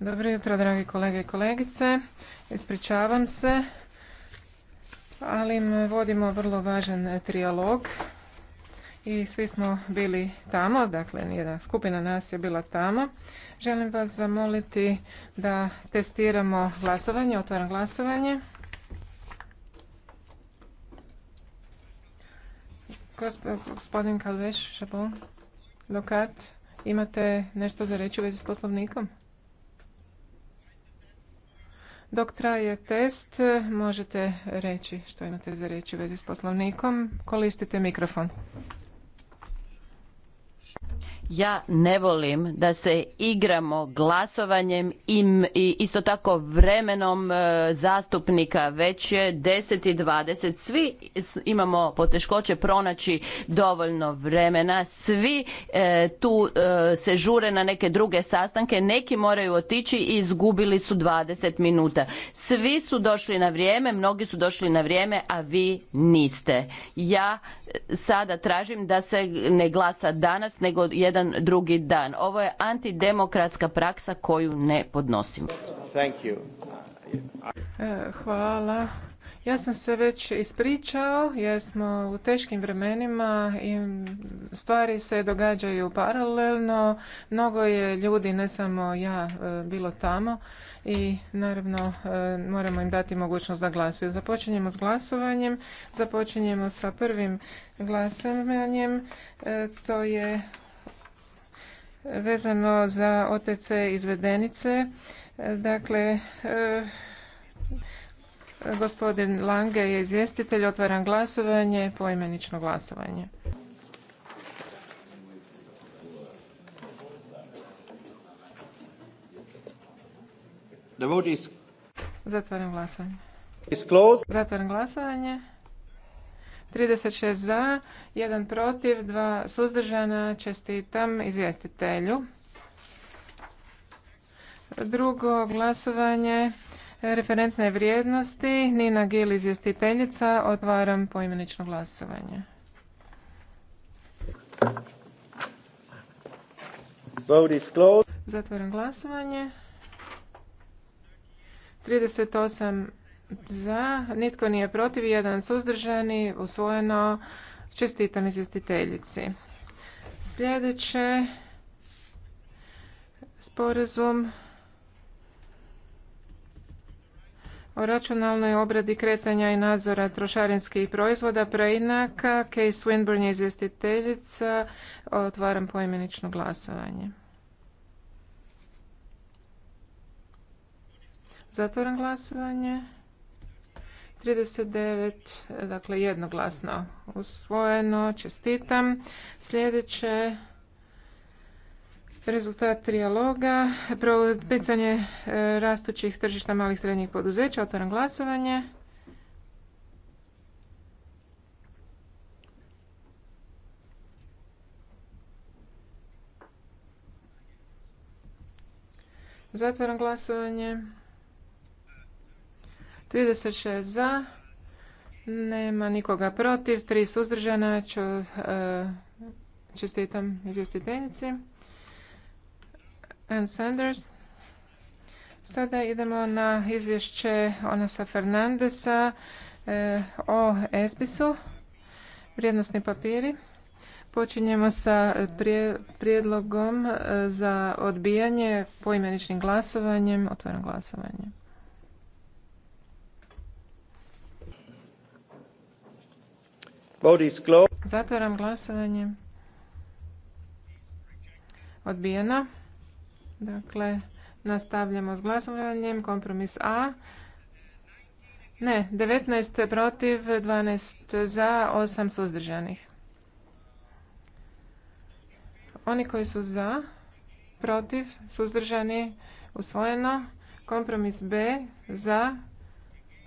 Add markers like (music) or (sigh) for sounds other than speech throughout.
Dobro jutro, dragi kolege i kolegice. Ispričavam se, ali vodimo vrlo važan trijalog i svi smo bili tamo, dakle jedna skupina nas je bila tamo. Želim vas zamoliti da testiramo glasovanje, otvaram glasovanje. Gospodin Kalveš, Šabon, Lokat. Imate nešto za reći u vezi s poslovnikom? Dok traje test, možete reći što imate za reći u vezi s poslovnikom. Kolistite mikrofon ja ne volim da se igramo glasovanjem i isto tako vremenom e, zastupnika već je 10 i 20 svi imamo poteškoće pronaći dovoljno vremena svi e, tu e, se žure na neke druge sastanke neki moraju otići i izgubili su 20 minuta svi su došli na vrijeme mnogi su došli na vrijeme a vi niste ja sada tražim da se ne glasa danas nego jedan drugi dan. Ovo je antidemokratska praksa koju ne podnosimo. E, hvala. Ja sam se već ispričao jer smo u teškim vremenima i stvari se događaju paralelno. Mnogo je ljudi, ne samo ja, e, bilo tamo i naravno e, moramo im dati mogućnost da glasuju. Započinjemo s glasovanjem, započinjemo sa prvim glasovanjem. to je vezano za OTC izvedenice. Dakle, eh, gospodin Lange je izvjestitelj, otvaram glasovanje, poimenično glasovanje. Zatvaram glasovanje. Zatvaram glasovanje. 36 za, 1 protiv, 2 suzdržana. Čestitam izvjestitelju. Drugo glasovanje referentne vrijednosti. Nina Gil, izvjestiteljica. Otvaram poimenično glasovanje. Zatvaram glasovanje. 38 za, nitko nije protiv, jedan suzdržani, usvojeno. Čestitam izvjestiteljici. Sljedeće sporazum o računalnoj obradi kretanja i nadzora trošarinskih proizvoda preinaka. case Swinburne je izvjestiteljica. Otvaram poimenično glasovanje. Zatvoram glasovanje. 39, dakle jednoglasno usvojeno, čestitam. Sljedeće, rezultat trijaloga, pitanje e, rastućih tržišta malih srednjih poduzeća, otvaram glasovanje. Zatvaram glasovanje. 36 za, nema nikoga protiv, tri suzdržana, eh, čestitam izvjestiteljici. Ann Sanders. Sada idemo na izvješće Onasa Fernandesa eh, o o u vrijednostni papiri. Počinjemo sa prijedlogom eh, za odbijanje poimeničnim glasovanjem, otvoreno glasovanje. Zatvaram glasovanje. Odbijeno. Dakle, nastavljamo s glasovanjem. Kompromis A. Ne, 19 protiv, 12 za, 8 suzdržanih. Oni koji su za, protiv, suzdržani, usvojeno. Kompromis B, za,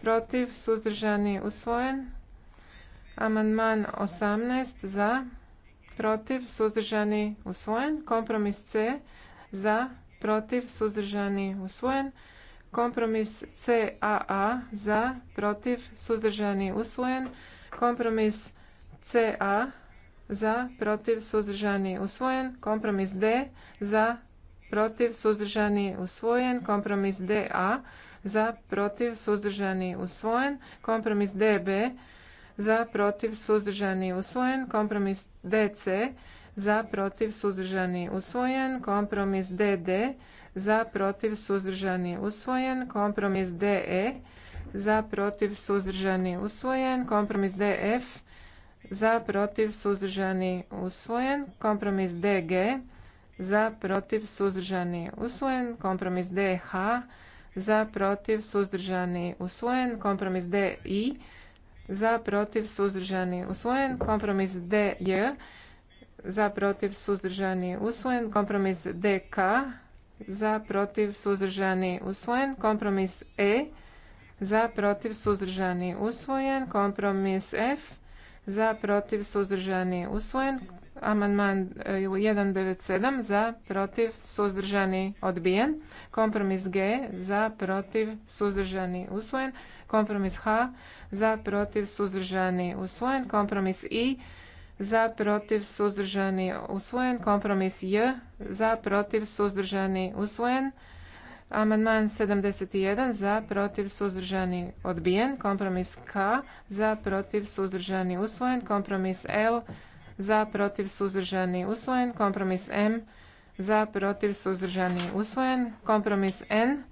protiv, suzdržani, usvojen. Amandman 18 za, protiv, suzdržani, usvojen. Kompromis C za, protiv, suzdržani, usvojen. Kompromis CAA za, protiv, suzdržani, usvojen. Kompromis CA za, protiv, suzdržani, usvojen. Kompromis D za, protiv, suzdržani, usvojen. Kompromis DA za, protiv, suzdržani, usvojen. Kompromis DB za protiv suzdržani usvojen, kompromis DC za protiv suzdržani usvojen, kompromis DD za protiv suzdržani usvojen, kompromis DE za protiv suzdržani usvojen, kompromis DF za protiv suzdržani usvojen, kompromis DG za protiv suzdržani usvojen, kompromis DH za protiv suzdržani usvojen, kompromis DI za protiv suzdržani usvojen kompromis DJ za protiv suzdržani usvojen kompromis DK za protiv suzdržani usvojen kompromis E za protiv suzdržani usvojen kompromis F za protiv suzdržani usvojen amandman 197 e, za protiv suzdržani odbijen kompromis G za protiv suzdržani usvojen Kompromis H za protiv suzdržani usvojen. Kompromis I za protiv suzdržani usvojen. Kompromis J za protiv suzdržani usvojen. Amandman 71 za protiv suzdržani odbijen. Kompromis K za protiv suzdržani usvojen. Kompromis L za protiv suzdržani usvojen. Kompromis M za protiv suzdržani usvojen. Kompromis N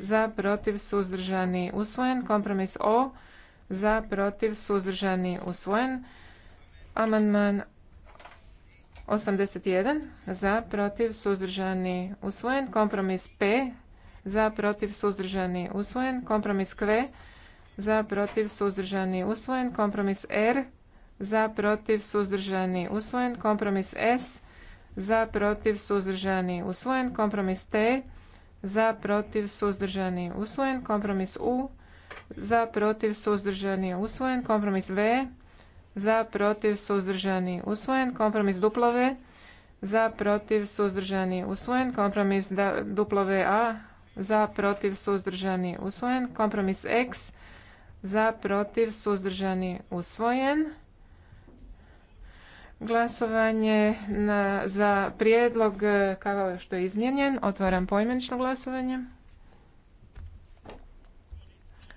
za protiv suzdržani usvojen. Kompromis O za protiv suzdržani usvojen. Amandman 81 za protiv suzdržani usvojen. Kompromis P za protiv suzdržani usvojen. Kompromis Q za protiv suzdržani usvojen. Kompromis R za protiv suzdržani usvojen. Kompromis S za protiv suzdržani usvojen. Kompromis T za protiv suzdržani usvojen kompromis u za protiv suzdržani usvojen kompromis v za protiv suzdržani usvojen kompromis duplo za protiv suzdržani usvojen kompromis duplove a za protiv suzdržani usvojen kompromis x za protiv suzdržani usvojen Glasovanje na, za prijedlog e, kao što je izmijenjen. Otvaram poimenično glasovanje.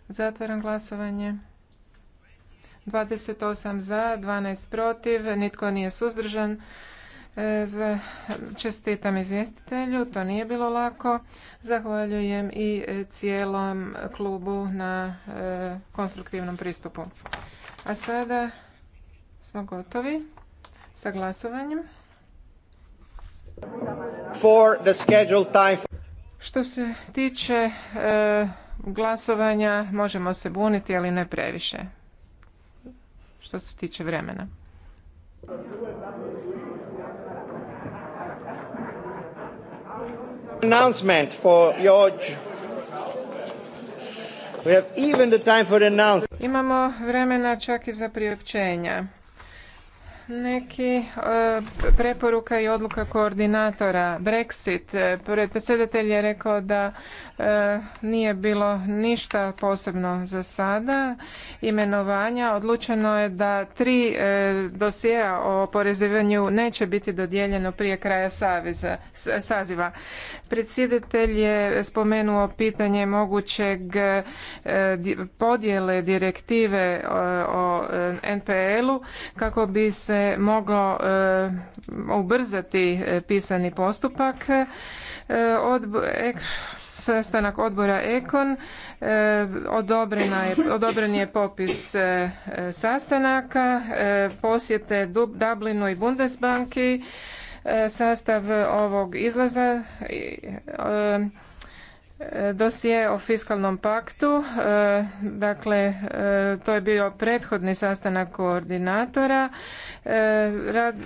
Zatvaram glasovanje. 28 za, 12 protiv, nitko nije suzdržan. E, čestitam izvjestitelju, to nije bilo lako. Zahvaljujem i e, cijelom klubu na konstruktivnom pristupu. A sada smo gotovi sa glasovanjem. For the scheduled time. Što se tiče e, glasovanja, možemo se buniti, ali ne previše. Što se tiče vremena. Announcement for George. We have even the time for announcement. Imamo vremena čak i za priopćenja neki e, preporuka i odluka koordinatora. Brexit, e, predsjedatelj je rekao da e, nije bilo ništa posebno za sada. Imenovanja, odlučeno je da tri dosjea o porezivanju neće biti dodijeljeno prije kraja saziva. Predsjedatelj je spomenuo pitanje mogućeg podjele direktive o NPL-u kako bi se se moglo e, ubrzati e, pisani postupak. E, sastanak odbora Ekon je, odobren je popis sastanaka, posjete Dublinu i Bundesbanki, sastav ovog izlaza dosije o fiskalnom paktu. E, dakle, e, to je bio prethodni sastanak koordinatora. E,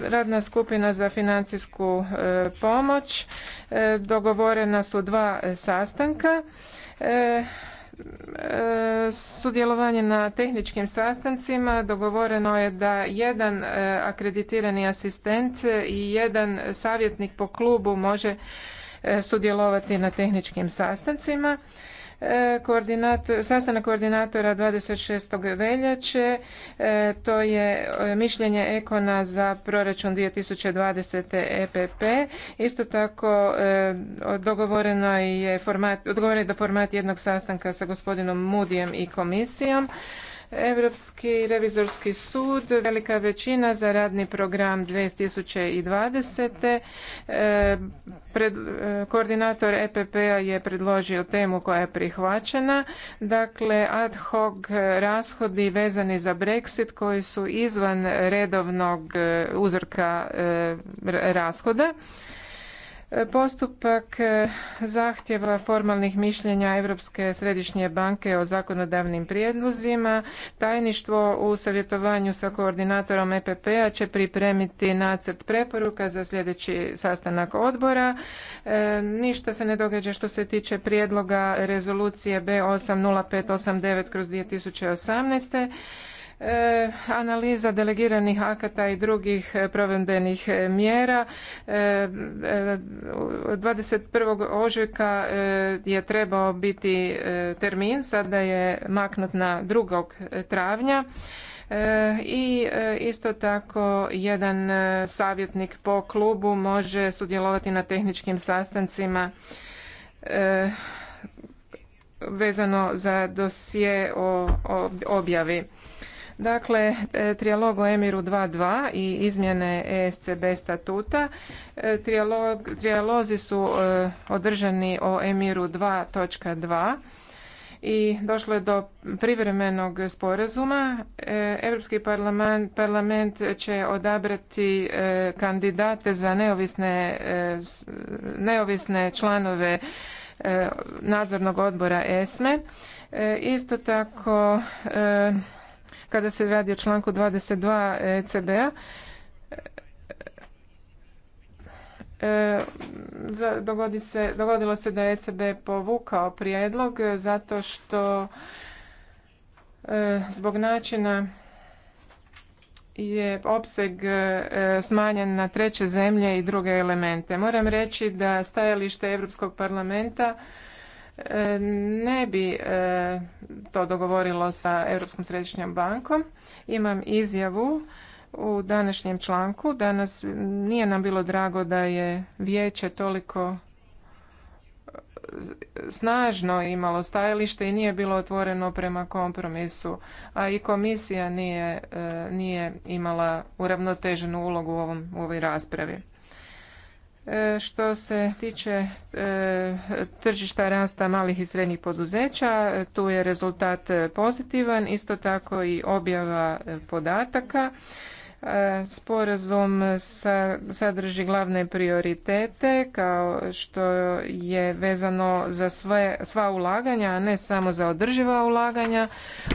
radna skupina za financijsku pomoć. Dogovorena su dva sastanka. Sudjelovanje na tehničkim sastancima dogovoreno je da jedan akreditirani asistent i jedan savjetnik po klubu može E, sudjelovati na tehničkim sastancima. E, Koordinator, sastanak koordinatora 26. veljače, e, to je mišljenje Ekona za proračun 2020. EPP. Isto tako dogovoreno je format, odgovoreno je da format jednog sastanka sa gospodinom Mudijem i komisijom. Europski revizorski sud, velika većina za radni program 2020. E, pred, e, koordinator EPP-a je predložio temu koja je prihvaćena, dakle ad hoc rashodi vezani za Brexit koji su izvan redovnog e, uzorka rashoda. Postupak e, zahtjeva formalnih mišljenja Europske središnje banke o zakonodavnim prijedlozima, tajništvo u savjetovanju sa koordinatorom EPP-a će pripremiti nacrt preporuka za sljedeći sastanak odbora. E, ništa se ne događa što se tiče prijedloga rezolucije B80589 kroz 2018. E, analiza delegiranih akata i drugih e, provedbenih e, mjera. 21. ožujka je trebao biti termin, sada je maknut na 2. travnja i isto tako jedan savjetnik po klubu može sudjelovati na tehničkim sastancima vezano za dosje o objavi. Dakle, e, trijalog o Emiru 2.2 i izmjene ESCB statuta. E, trijalozi su e, održani o Emiru 2.2 i došlo je do privremenog sporazuma. Europski parlament, parlament će odabrati kandidate za neovisne, neovisne članove nadzornog odbora ESME. Isto tako kada se radi o članku 22 ECB-a e, se, dogodilo se da je ECB povukao prijedlog zato što e, zbog načina je opseg e, smanjen na treće zemlje i druge elemente. Moram reći da stajalište Europskog parlamenta ne bi e, to dogovorilo sa Europskom središnjom bankom. Imam izjavu u današnjem članku. Danas nije nam bilo drago da je vijeće toliko e, snažno imalo stajalište i nije bilo otvoreno prema kompromisu, a i komisija nije, e, nije imala uravnoteženu ulogu u, ovom, u ovoj raspravi. E, što se tiče e, tržišta rasta malih i srednjih poduzeća, tu je rezultat pozitivan, isto tako i objava podataka E, sporazum sadrži glavne prioritete kao što je vezano za sva ulaganja, a ne samo za održiva ulaganja.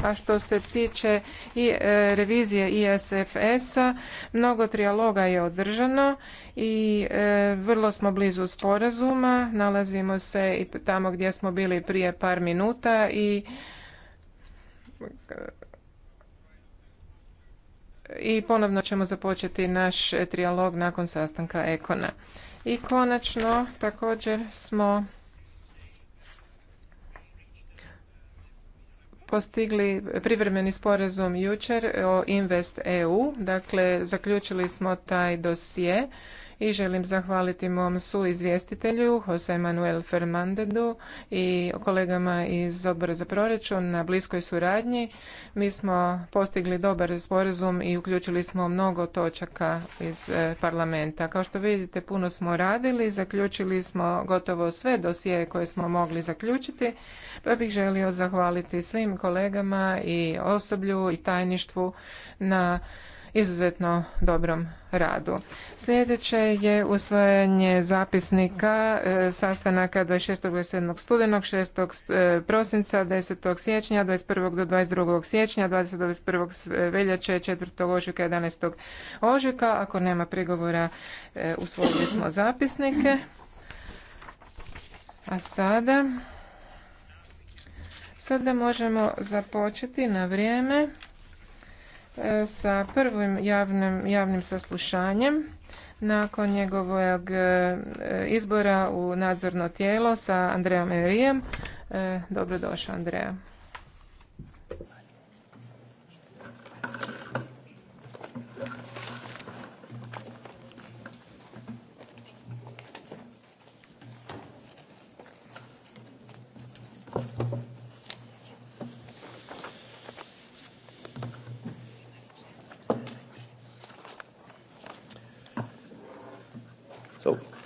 A što se tiče i e, revizije ISFS-a, mnogo trijaloga je održano i e, vrlo smo blizu sporazuma. Nalazimo se i tamo gdje smo bili prije par minuta i i ponovno ćemo započeti naš trijalog nakon sastanka Ekona. I konačno također smo postigli privremeni sporazum jučer o Invest EU, dakle zaključili smo taj dosje i želim zahvaliti mom suizvjestitelju Jose Manuel Fernandedu i kolegama iz odbora za proračun na bliskoj suradnji. Mi smo postigli dobar sporazum i uključili smo mnogo točaka iz e, parlamenta. Kao što vidite, puno smo radili, zaključili smo gotovo sve dosije koje smo mogli zaključiti, pa bih želio zahvaliti svim kolegama i osoblju i tajništvu na izuzetno dobrom radu. Sljedeće je usvajanje zapisnika e, sastanaka 26. 27. studenog, 6. E, prosinca, 10. siječnja, 21. do 22. siječnja, 20. 21. E, veljače, 4. ožujka, 11. ožujka. Ako nema prigovora, e, usvojili smo zapisnike. A sada... Sada možemo započeti na vrijeme sa prvim javnim, saslušanjem nakon njegovog e, izbora u nadzorno tijelo sa Andreom Erijem. E, dobrodošao Andreja.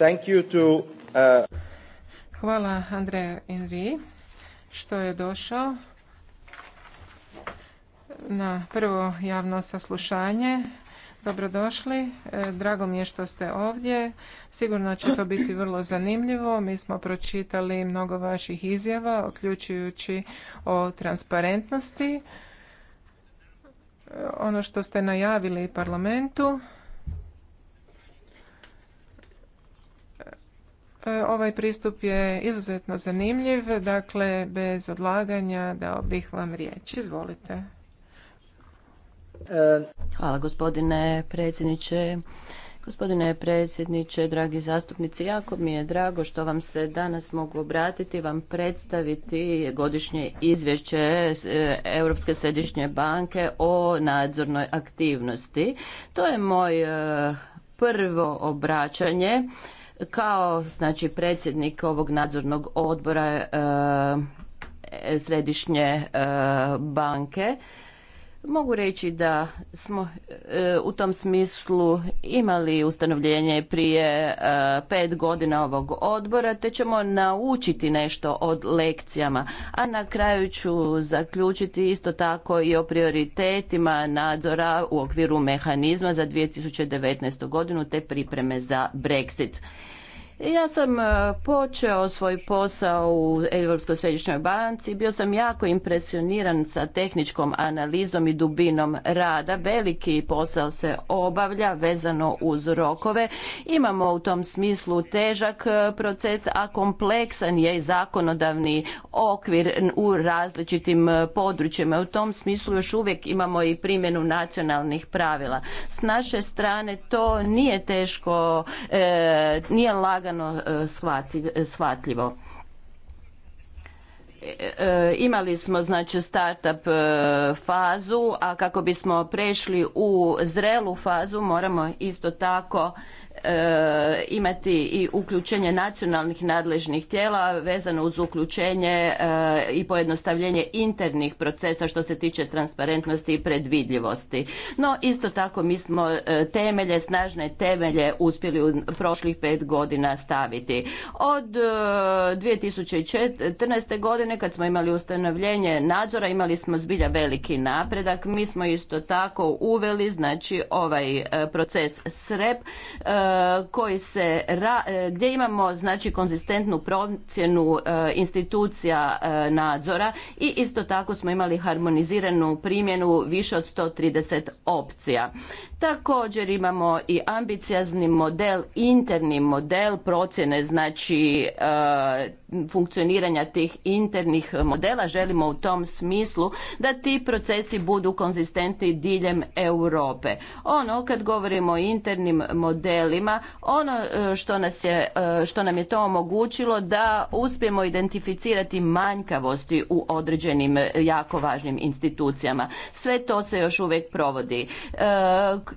Thank uh, Hvala Andreju Inri, što je došao na prvo javno saslušanje. Dobrodošli, e, drago mi je što ste ovdje. Sigurno će to biti vrlo zanimljivo. Mi smo pročitali mnogo vaših izjava, uključujući o transparentnosti. E, ono što ste najavili parlamentu, E, ovaj pristup je izuzetno zanimljiv, dakle bez odlaganja dao bih vam riječ. Izvolite. Hvala gospodine predsjedniče. Gospodine predsjedniče, dragi zastupnici, jako mi je drago što vam se danas mogu obratiti, vam predstaviti godišnje izvješće e, Europske središnje banke o nadzornoj aktivnosti. To je moj e, prvo obraćanje kao znači predsjednik ovog nadzornog odbora e, e, središnje e, banke Mogu reći da smo e, u tom smislu imali ustanovljenje prije e, pet godina ovog odbora, te ćemo naučiti nešto od lekcijama. A na kraju ću zaključiti isto tako i o prioritetima nadzora u okviru mehanizma za 2019. godinu te pripreme za Brexit. Ja sam e, počeo svoj posao u Europskoj središnjoj banci, bio sam jako impresioniran sa tehničkom analizom i dubinom rada. Veliki posao se obavlja vezano uz rokove. Imamo u tom smislu težak e, proces, a kompleksan je i zakonodavni okvir u različitim e, područjima. U tom smislu još uvijek imamo i primjenu nacionalnih pravila. S naše strane to nije teško, nije lagano lagano e, e, shvatljivo. E, imali smo znači startup fazu, a kako bismo prešli u zrelu fazu moramo isto tako E, imati i uključenje nacionalnih nadležnih tijela vezano uz uključenje e, i pojednostavljenje internih procesa što se tiče transparentnosti i predvidljivosti. No isto tako mi smo e, temelje, snažne temelje uspjeli u prošlih pet godina staviti. Od 2014. godine kad smo imali ustanovljenje nadzora imali smo zbilja veliki napredak. Mi smo isto tako uveli znači ovaj proces SREP koji se e, gdje imamo znači konzistentnu procjenu e, institucija e, nadzora i isto tako smo imali harmoniziranu primjenu više od 130 opcija. Također imamo i ambiciozni model, interni model procjene, znači e, funkcioniranja tih internih modela. Želimo u tom smislu da ti procesi budu konzistentni diljem Europe. Ono kad govorimo o internim modelima, ono e, što, nas je, e, što nam je to omogućilo da uspijemo identificirati manjkavosti u određenim jako važnim institucijama. Sve to se još uvijek provodi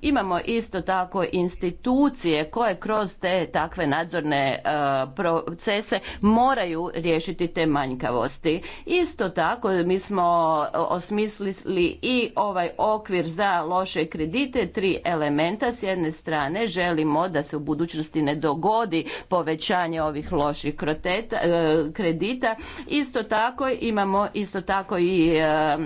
imamo isto tako institucije koje kroz te takve nadzorne e, procese moraju riješiti te manjkavosti. Isto tako mi smo osmislili i ovaj okvir za loše kredite, tri elementa. S jedne strane želimo da se u budućnosti ne dogodi povećanje ovih loših e, kredita. Isto tako imamo isto tako i e,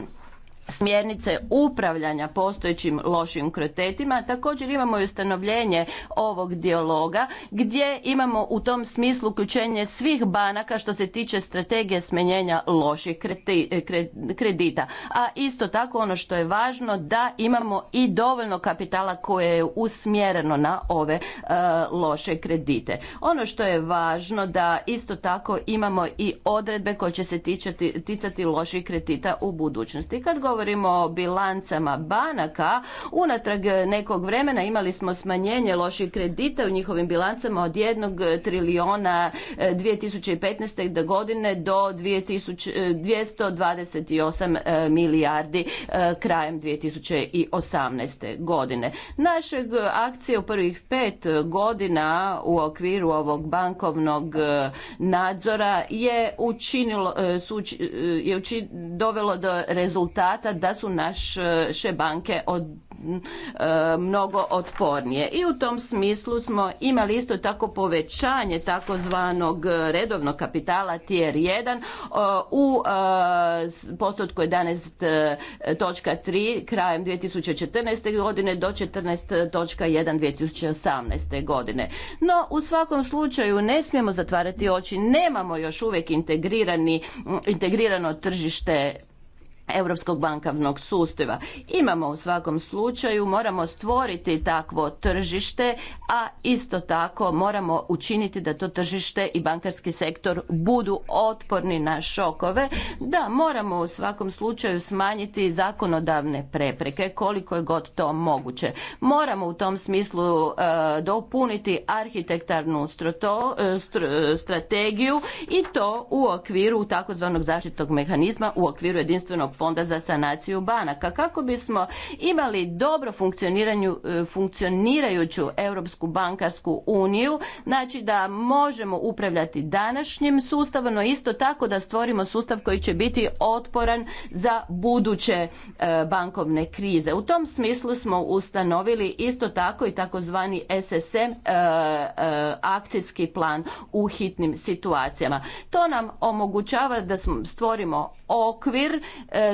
smjernice upravljanja postojećim lošim kretetima. Također imamo i ustanovljenje ovog dijaloga gdje imamo u tom smislu uključenje svih banaka što se tiče strategije smanjenja loših kredita. A isto tako ono što je važno da imamo i dovoljno kapitala koje je usmjereno na ove e, loše kredite. Ono što je važno da isto tako imamo i odredbe koje će se ticati loših kredita u budućnosti. Kad govorimo govorimo o bilancama banaka, unatrag nekog vremena imali smo smanjenje loših kredita u njihovim bilancama od jednog trilijona 2015. E, godine do 228 e, e, milijardi krajem 2018. godine. Našeg akcije u prvih pet godina u okviru ovog bankovnog nadzora je učinilo, je dovelo do rezultata da su naše banke od, e, mnogo otpornije. I u tom smislu smo imali isto tako povećanje takozvanog redovnog kapitala tier 1 e, u e, postotku 11.3 e, krajem 2014. godine do 14.1 2018. godine. No, u svakom slučaju ne smijemo zatvarati oči, nemamo još uvijek integrirani, integrirano tržište europskog bankavnog sustava. Imamo u svakom slučaju, moramo stvoriti takvo tržište, a isto tako moramo učiniti da to tržište i bankarski sektor budu otporni na šokove. Da, moramo u svakom slučaju smanjiti zakonodavne prepreke koliko je god to moguće. Moramo u tom smislu e, dopuniti arhitektarnu e, strategiju i to u okviru takozvanog zaštitnog mehanizma, u okviru jedinstvenog fonda za sanaciju banaka kako bismo imali dobro e, funkcionirajuću europsku bankarsku uniju znači da možemo upravljati današnjim sustavom no isto tako da stvorimo sustav koji će biti otporan za buduće e, bankovne krize u tom smislu smo ustanovili isto tako i takozvani SSM e, akcijski plan u hitnim situacijama to nam omogućava da stvorimo okvir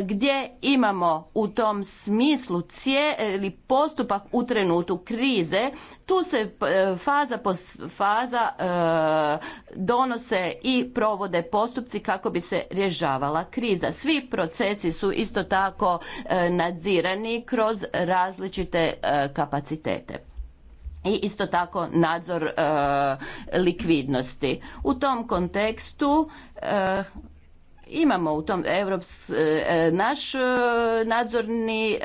gdje imamo u tom smislu cijeli postupak u trenutu krize, tu se e, faza po faza e, donose i provode postupci kako bi se rješavala kriza. Svi procesi su isto tako e, nadzirani kroz različite kapacitete i isto tako nadzor likvidnosti. U tom kontekstu imamo u tom Evrops, e, e, naš e, nadzorni,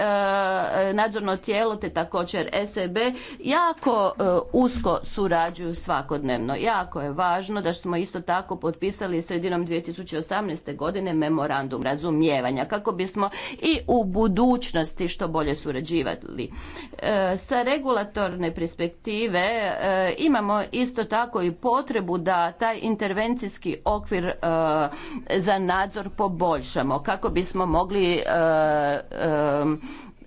nadzorno tijelo te također SEB jako usko surađuju svakodnevno. Jako je važno da smo isto tako potpisali sredinom 2018. godine memorandum razumijevanja kako bismo i u budućnosti što bolje surađivali. Sa regulatorne perspektive imamo isto tako i potrebu da taj intervencijski okvir za nadzor poboljšamo kako bismo mogli e,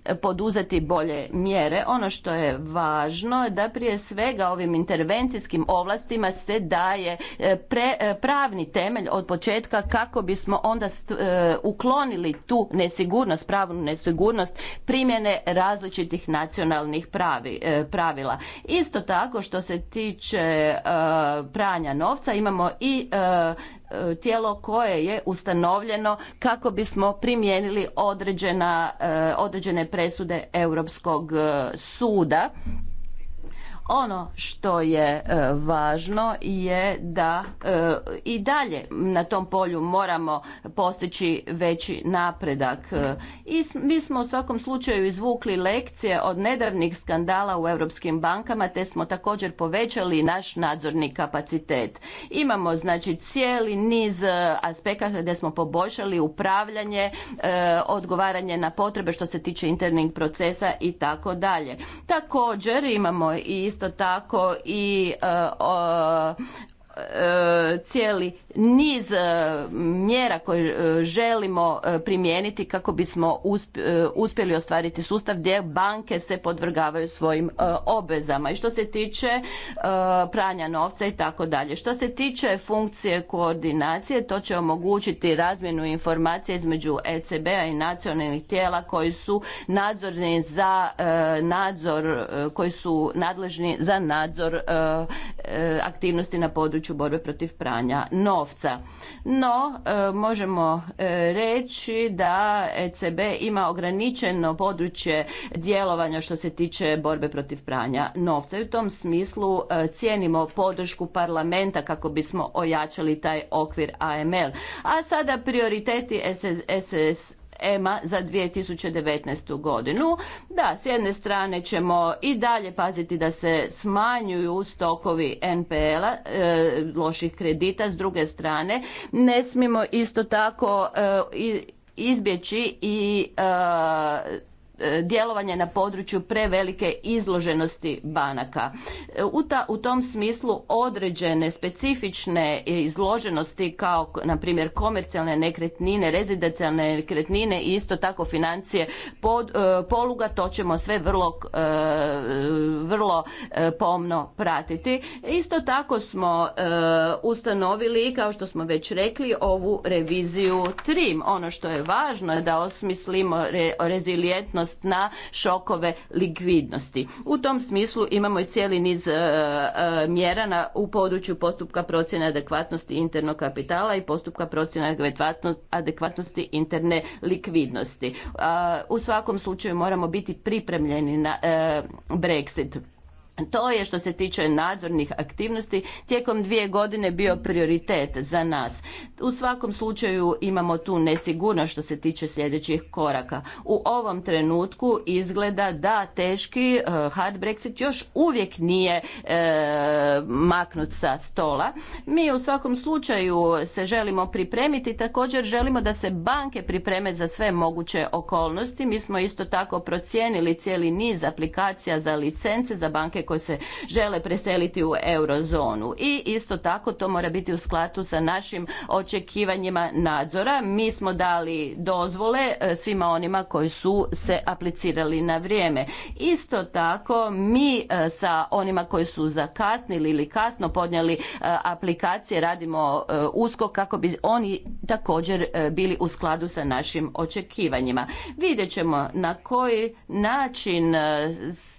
e, poduzeti bolje mjere. Ono što je važno je da prije svega ovim intervencijskim ovlastima se daje e, pravni temelj od početka kako bismo onda uklonili tu nesigurnost, pravnu nesigurnost primjene različitih nacionalnih pravila. Isto tako što se tiče pranja novca imamo i E, tijelo koje je ustanovljeno kako bismo primijenili e, određene presude Europskog e, suda ono što je e, važno je da e, i dalje na tom polju moramo postići veći napredak. E, I mi smo u svakom slučaju izvukli lekcije od nedavnih skandala u europskim bankama te smo također povećali naš nadzorni kapacitet. Imamo znači cijeli niz aspekata gdje smo poboljšali upravljanje, odgovaranje na potrebe što se tiče internih procesa i tako dalje. Također imamo i isto tako i e, E, cijeli niz e, mjera koje e, želimo primijeniti kako bismo uspjeli ostvariti sustav gdje banke se podvrgavaju svojim obvezama i što se tiče pranja novca i tako dalje. Što se tiče funkcije koordinacije, to će omogućiti razmjenu informacija između ECB-a i nacionalnih tijela koji su nadzorni za nadzor, koji su nadležni za nadzor aktivnosti na području području borbe protiv pranja novca. No, e, možemo e, reći da ECB ima ograničeno područje djelovanja što se tiče borbe protiv pranja novca. I u tom smislu e, cijenimo podršku parlamenta kako bismo ojačali taj okvir AML. A sada prioriteti SS, SS EMA za 2019. godinu. Da, s jedne strane ćemo i dalje paziti da se smanjuju stokovi NPL-a, e, loših kredita, s druge strane ne smijemo isto tako e, izbjeći i e, E, djelovanje na području prevelike izloženosti banaka. E, u, tom smislu određene specifične izloženosti kao na primjer komercijalne nekretnine, rezidencijalne nekretnine i isto tako financije pod, e, poluga, to ćemo sve vrlo, vrlo pomno pratiti. Isto tako smo ustanovili, kao što smo već rekli, ovu reviziju TRIM. Ono što je važno je da osmislimo rezilijentnost na šokove likvidnosti. U tom smislu imamo i cijeli niz e, e, mjera u području postupka procjene adekvatnosti internog kapitala i postupka procjene adekvatnosti interne likvidnosti. u svakom slučaju moramo biti pripremljeni na e, Brexit. To je što se tiče nadzornih aktivnosti tijekom dvije godine bio prioritet za nas. U svakom slučaju imamo tu nesigurnost što se tiče sljedećih koraka. U ovom trenutku izgleda da teški eh, hard Brexit još uvijek nije e, maknut sa stola. Mi u svakom slučaju se želimo pripremiti, također želimo da se banke pripreme za sve moguće okolnosti. Mi smo isto tako procijenili cijeli niz aplikacija za licence za banke koji koje se žele preseliti u eurozonu. I isto tako to mora biti u skladu sa našim očekivanjima nadzora. Mi smo dali dozvole e, svima onima koji su se aplicirali na vrijeme. Isto tako mi e, sa onima koji su zakasnili ili kasno podnijeli e, aplikacije radimo usko kako bi oni također bili u skladu sa našim očekivanjima. Vidjet ćemo na koji način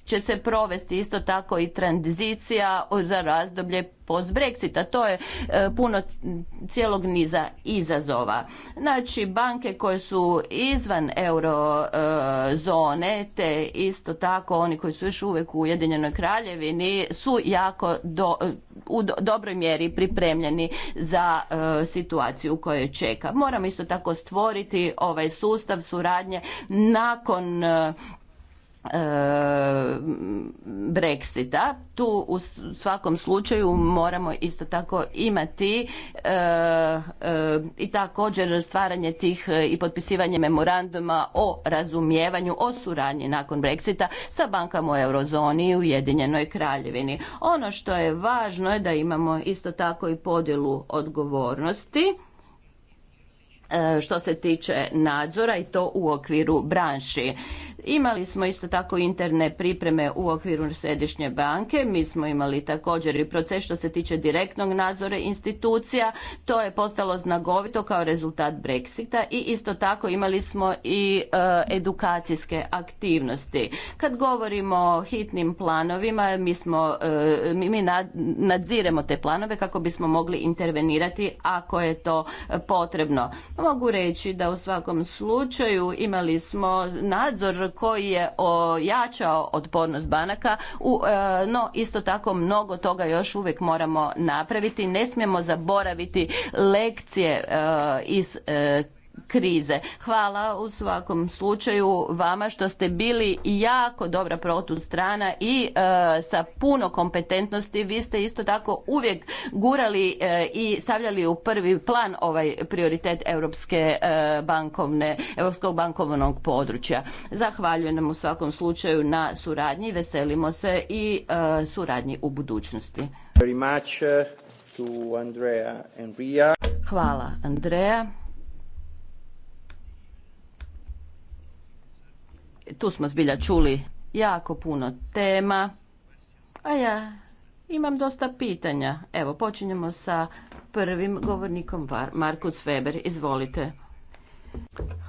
će se provesti isto tako i tranzicija za razdoblje post Brexita. To je e, puno cijelog niza izazova. Znači, banke koje su izvan eurozone, e, te isto tako oni koji su još uvijek u Ujedinjenoj kraljevini, su jako do, e, u dobroj mjeri pripremljeni za situaciju u kojoj čeka. Moramo isto tako stvoriti ovaj sustav suradnje nakon E, Brexita. Tu u svakom slučaju moramo isto tako imati e, e, i također stvaranje tih i potpisivanje memoranduma o razumijevanju, o suradnji nakon Brexita sa bankama u Eurozoni i Ujedinjenoj Kraljevini. Ono što je važno je da imamo isto tako i podjelu odgovornosti što se tiče nadzora i to u okviru branši. Imali smo isto tako interne pripreme u okviru središnje banke, mi smo imali također i proces što se tiče direktnog nadzora institucija, to je postalo znagovito kao rezultat Brexita i isto tako imali smo i e, edukacijske aktivnosti. Kad govorimo o hitnim planovima, mi, smo, e, mi nadziremo te planove kako bismo mogli intervenirati ako je to e, potrebno. Mogu reći da u svakom slučaju imali smo nadzor koji je ojačao otpornost banaka, e, no isto tako mnogo toga još uvijek moramo napraviti. Ne smijemo zaboraviti lekcije e, iz e, krize. Hvala u svakom slučaju vama što ste bili jako dobra protustrana i e, sa puno kompetentnosti. Vi ste isto tako uvijek gurali e, i stavljali u prvi plan ovaj prioritet Europske e, bankovne, Europskog bankovnog područja. Zahvaljujem nam u svakom slučaju na suradnji, veselimo se i suradnji u budućnosti. Uh, Andrea Hvala Andrea. tu smo zbilja čuli jako puno tema, a ja imam dosta pitanja. Evo, počinjemo sa prvim govornikom, Markus Weber. Izvolite.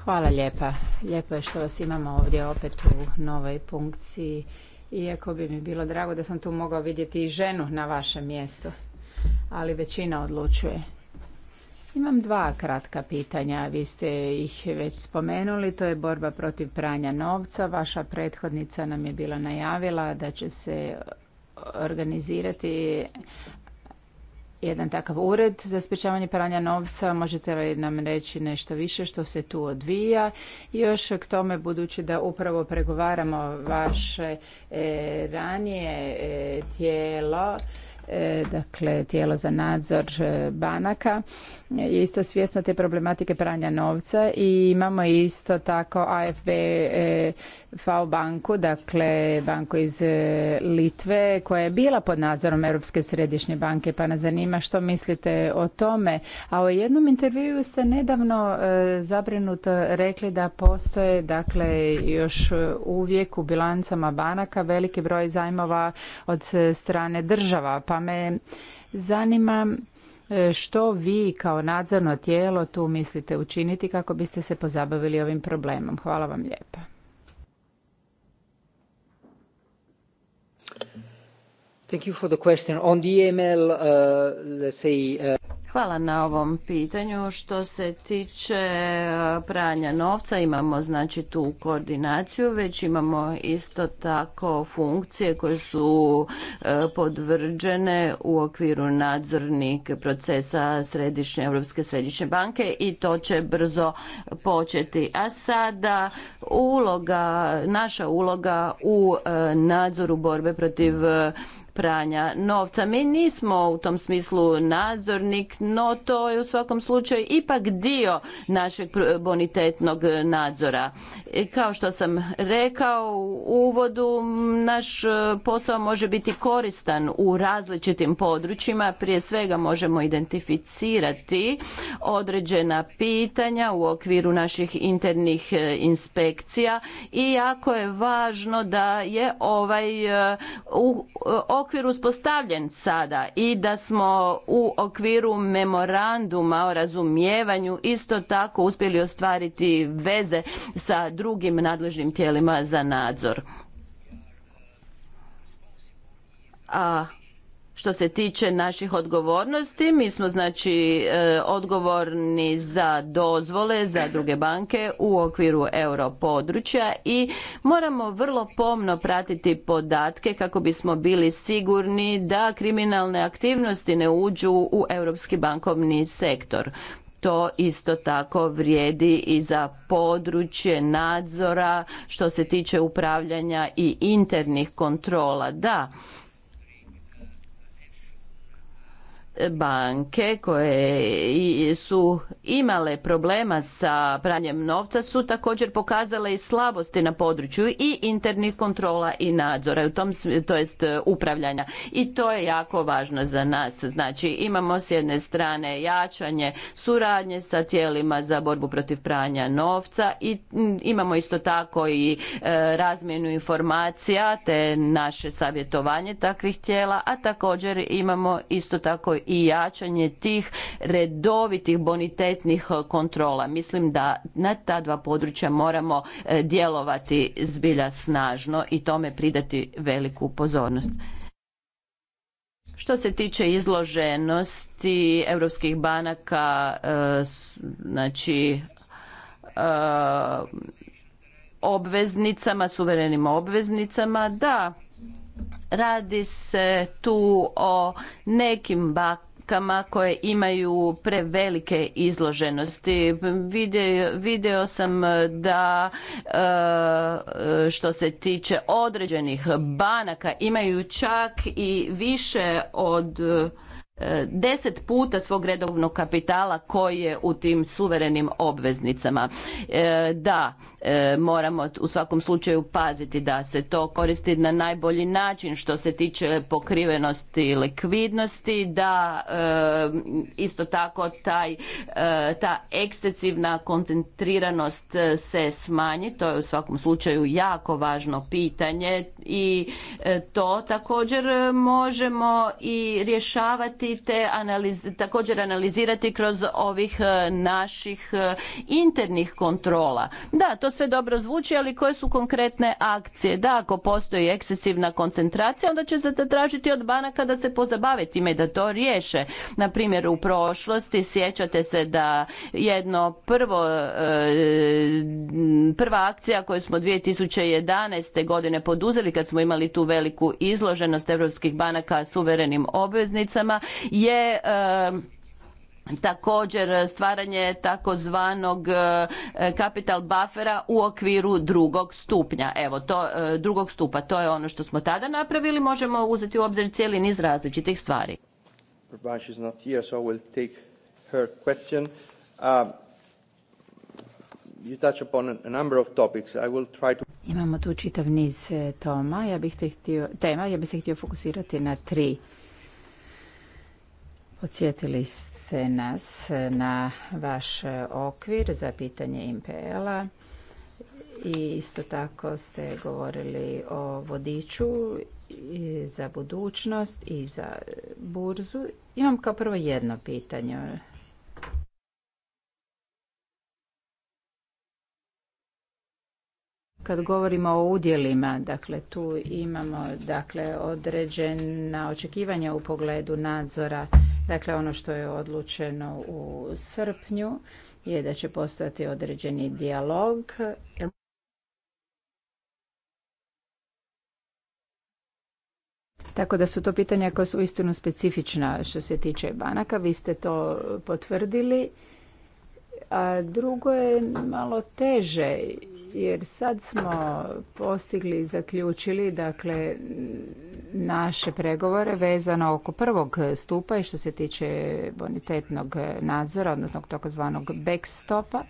Hvala lijepa. Lijepo je što vas imamo ovdje opet u novoj funkciji. Iako bi mi bilo drago da sam tu mogao vidjeti i ženu na vašem mjestu. Ali većina odlučuje. Imam dva kratka pitanja, vi ste ih već spomenuli, to je borba protiv pranja novca. Vaša prethodnica nam je bila najavila da će se organizirati jedan takav ured za sprječavanje pranja novca. Možete li nam reći nešto više što se tu odvija? I još k tome, budući da upravo pregovaramo vaše e, ranije e, tijelo, e, dakle tijelo za nadzor banaka, je isto svjesno te problematike pranja novca i imamo isto tako AFB V e, banku, dakle banku iz e, Litve koja je bila pod nadzorom Europske središnje banke pa nas zanima što mislite o tome. A u jednom intervjuju ste nedavno e, zabrinuto rekli da postoje dakle još uvijek u bilancama banaka veliki broj zajmova od strane država pa me zanima E, što vi kao nadzorno tijelo tu mislite učiniti kako biste se pozabavili ovim problemom? Hvala vam lijepa. Thank you for the question. On the e uh, let's say, uh, Hvala na ovom pitanju. Što se tiče e, pranja novca, imamo znači tu koordinaciju, već imamo isto tako funkcije koje su e, podvrđene u okviru nadzornih procesa Središnje Europske središnje banke i to će brzo početi. A sada uloga, naša uloga u e, nadzoru borbe protiv pranja novca. Mi nismo u tom smislu nadzornik, no to je u svakom slučaju ipak dio našeg bonitetnog nadzora. E, kao što sam rekao u uvodu, naš e, posao može biti koristan u različitim područjima. Prije svega možemo identificirati određena pitanja u okviru naših internih e, inspekcija i jako je važno da je ovaj u, okvir uspostavljen sada i da smo u okviru memoranduma o razumijevanju isto tako uspjeli ostvariti veze sa drugim nadležnim tijelima za nadzor. A što se tiče naših odgovornosti, mi smo znači e, odgovorni za dozvole za druge banke u okviru europodručja i moramo vrlo pomno pratiti podatke kako bismo bili sigurni da kriminalne aktivnosti ne uđu u europski bankovni sektor. To isto tako vrijedi i za područje nadzora što se tiče upravljanja i internih kontrola. Da, banke koje su imale problema sa pranjem novca su također pokazale i slabosti na području i internih kontrola i nadzora u tom to jest e, upravljanja i to je jako važno za nas znači imamo s jedne strane jačanje suradnje sa tijelima za borbu protiv pranja novca i imamo isto tako i e, razmjenu informacija te naše savjetovanje takvih tijela a također imamo isto tako i jačanje tih redovitih boniteta Eh, kontrola. Mislim da na ta dva područja moramo eh, djelovati zbilja snažno i tome pridati veliku pozornost. Što se tiče izloženosti europskih banaka, eh, znači obveznicama, suverenim obveznicama, da, radi se tu o nekim kama koje imaju prevelike izloženosti. Video, video sam da e, što se tiče određenih banaka imaju čak i više od e, deset puta svog redovnog kapitala koji je u tim suverenim obveznicama. E, da, E, moramo u svakom slučaju paziti da se to koristi na najbolji način što se tiče pokrivenosti i likvidnosti, da e, isto tako taj, e, ta ekscesivna koncentriranost se smanji, to je u svakom slučaju jako važno pitanje i to također možemo i rješavati te također analizirati kroz ovih naših internih kontrola. Da, to sve dobro zvuči, ali koje su konkretne akcije? Da, ako postoji ekscesivna koncentracija, onda će se tražiti od banaka da se pozabave time da to riješe. Na primjer, u prošlosti sjećate se da jedno prvo, e, prva akcija koju smo 2011. godine poduzeli kad smo imali tu veliku izloženost europskih banaka suverenim obveznicama je e, također e, stvaranje takozvanog kapital e, e, buffera u okviru drugog stupnja. Evo, to drugog stupa, to je ono što smo tada napravili, možemo uzeti u obzir cijeli niz različitih stvari. Imamo tu čitav niz toma, ja bih te htio, tema, ja bih se htio fokusirati na tri. Podsjetili ste nas na vaš okvir za pitanje MPL-a i isto tako ste govorili o vodiču za budućnost i za burzu. Imam kao prvo jedno pitanje. Kad govorimo o udjelima, dakle tu imamo dakle određena očekivanja u pogledu nadzora Dakle, ono što je odlučeno u srpnju je da će postojati određeni dijalog. Tako da su to pitanja koja su uistinu specifična što se tiče banaka. Vi ste to potvrdili. A drugo je malo teže jer sad smo postigli i zaključili dakle naše pregovore vezano oko prvog stupa i što se tiče bonitetnog nadzora, odnosno takozvanog backstopa.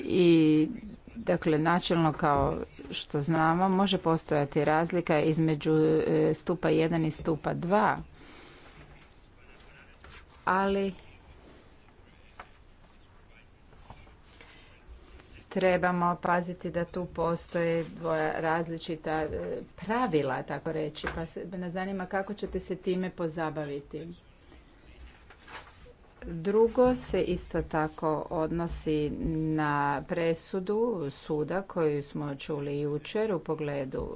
I Dakle, načelno kao što znamo može postojati razlika između e, stupa 1 i stupa 2, ali trebamo paziti da tu postoje dvoja različita e, pravila, tako reći. Pa se, nas zanima kako ćete se time pozabaviti. Drugo se isto tako odnosi na presudu suda koju smo čuli jučer u pogledu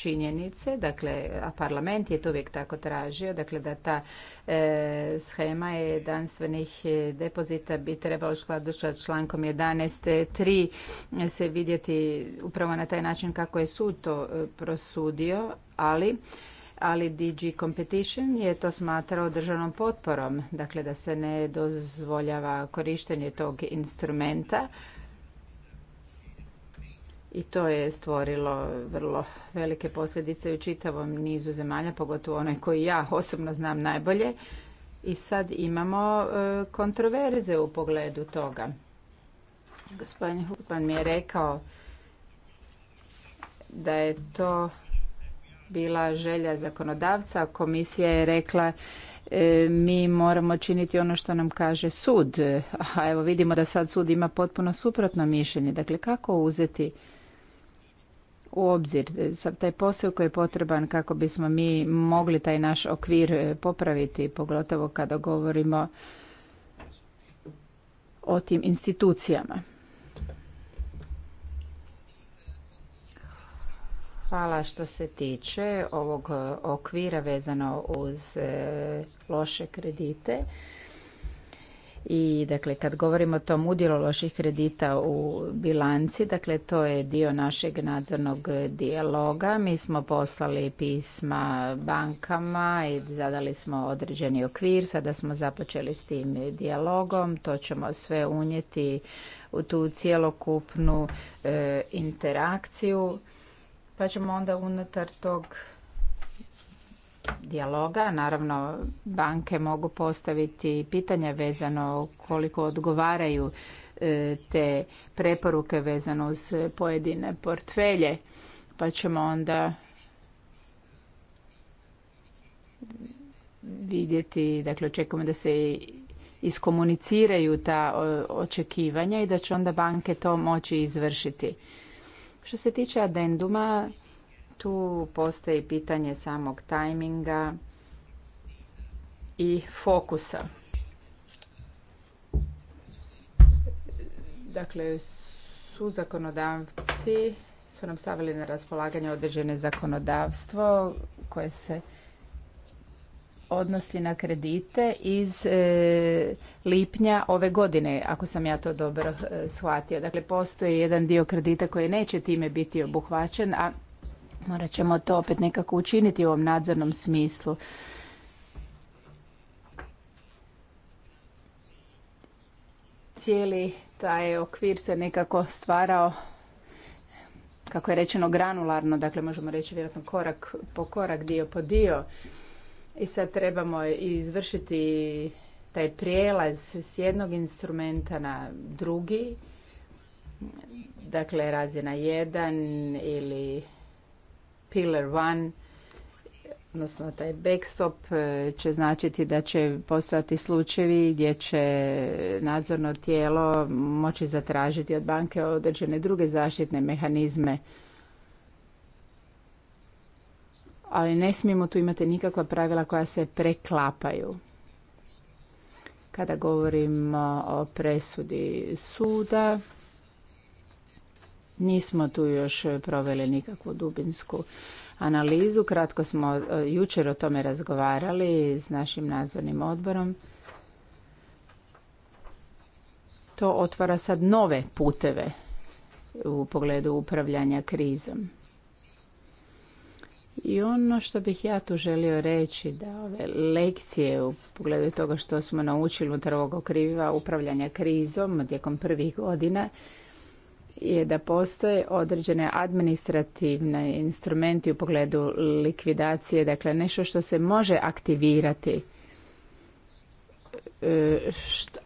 činjenice, dakle, a parlament je to uvijek tako tražio, dakle da ta e, schema je danstvenih depozita bi trebalo skladu sa člankom 11.3 se vidjeti upravo na taj način kako je sud to e, prosudio, ali ali DG Competition je to smatrao državnom potporom, dakle da se ne dozvoljava korištenje tog instrumenta i to je stvorilo vrlo velike posljedice u čitavom nizu zemalja, pogotovo onoj koji ja osobno znam najbolje. I sad imamo e, kontroverze u pogledu toga. Gospodin Hukman mi je rekao da je to bila želja zakonodavca. Komisija je rekla e, mi moramo činiti ono što nam kaže sud. A evo vidimo da sad sud ima potpuno suprotno mišljenje. Dakle, kako uzeti u obzir e, taj posao koji je potreban kako bismo mi mogli taj naš okvir e, popraviti, pogotovo kada govorimo o tim institucijama. Hvala što se tiče ovog e, okvira vezano uz loše kredite i dakle kad govorimo o tom udjelu loših kredita u bilanci, dakle to je dio našeg nadzornog dijaloga. Mi smo poslali pisma bankama i zadali smo određeni okvir, sada smo započeli s tim dijalogom, to ćemo sve unijeti u tu cjelokupnu e, interakciju. Pa ćemo onda unutar tog dijaloga. Naravno, banke mogu postaviti pitanja vezano koliko odgovaraju e, te preporuke vezano uz pojedine portfelje, pa ćemo onda vidjeti, dakle očekujemo da se iskomuniciraju ta očekivanja i da će onda banke to moći izvršiti. Što se tiče adenduma, tu postoji pitanje samog tajminga i fokusa. Dakle, su zakonodavci su nam stavili na raspolaganje određene zakonodavstvo koje se odnosi na kredite iz e, lipnja ove godine, ako sam ja to dobro e, shvatio. Dakle, postoji jedan dio kredita koji neće time biti obuhvaćen, a Morat ćemo to opet nekako učiniti u ovom nadzornom smislu. Cijeli taj okvir se nekako stvarao kako je rečeno granularno, dakle možemo reći vjerojatno korak po korak, dio po dio. I sad trebamo izvršiti taj prijelaz s jednog instrumenta na drugi, dakle razina jedan ili Pillar one, odnosno taj backstop e, će značiti da će postojati slučajevi gdje će nadzorno tijelo moći zatražiti od banke određene druge zaštitne mehanizme. Ali ne smijemo tu imati nikakva pravila koja se preklapaju. Kada govorimo o presudi suda, Nismo tu još proveli nikakvu dubinsku analizu. Kratko smo e, jučer o tome razgovarali s našim nadzornim odborom. To otvara sad nove puteve u pogledu upravljanja krizom. I ono što bih ja tu želio reći da ove lekcije u pogledu toga što smo naučili unutar ovog okriva upravljanja krizom tijekom prvih godina je da postoje određene administrativne instrumenti u pogledu likvidacije, dakle nešto što se može aktivirati, e,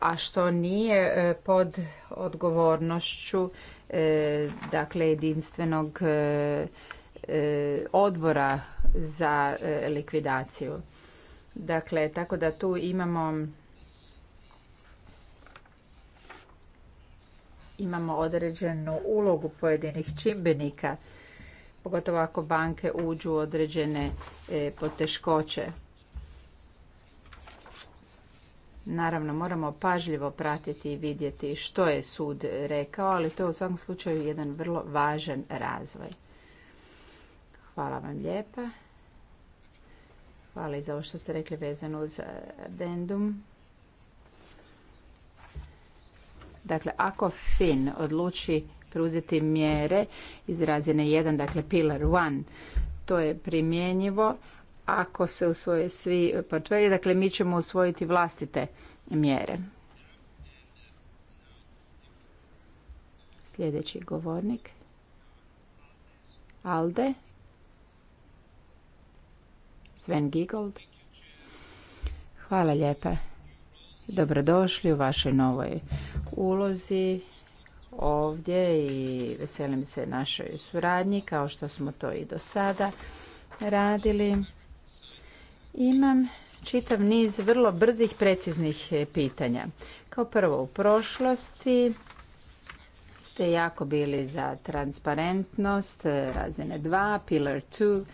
a što nije e, pod odgovornošću e, dakle jedinstvenog odbora za likvidaciju. Dakle, tako da tu imamo imamo određenu ulogu pojedinih čimbenika, pogotovo ako banke uđu u određene e, poteškoće. Naravno, moramo pažljivo pratiti i vidjeti što je sud rekao, ali to je u svakom slučaju jedan vrlo važan razvoj. Hvala vam lijepa. Hvala i za ovo što ste rekli vezano uz addendum. Dakle, ako FIN odluči preuzeti mjere iz razine 1, dakle Pillar 1, to je primjenjivo ako se usvoje svi portfelji. Dakle, mi ćemo usvojiti vlastite mjere. Sljedeći govornik. Alde. Sven Giegold. Hvala lijepa. Dobrodošli u vašoj novoj ulozi ovdje i veselim se našoj suradnji kao što smo to i do sada radili. Imam čitav niz vrlo brzih, preciznih pitanja. Kao prvo, u prošlosti ste jako bili za transparentnost, razine 2, pillar 2,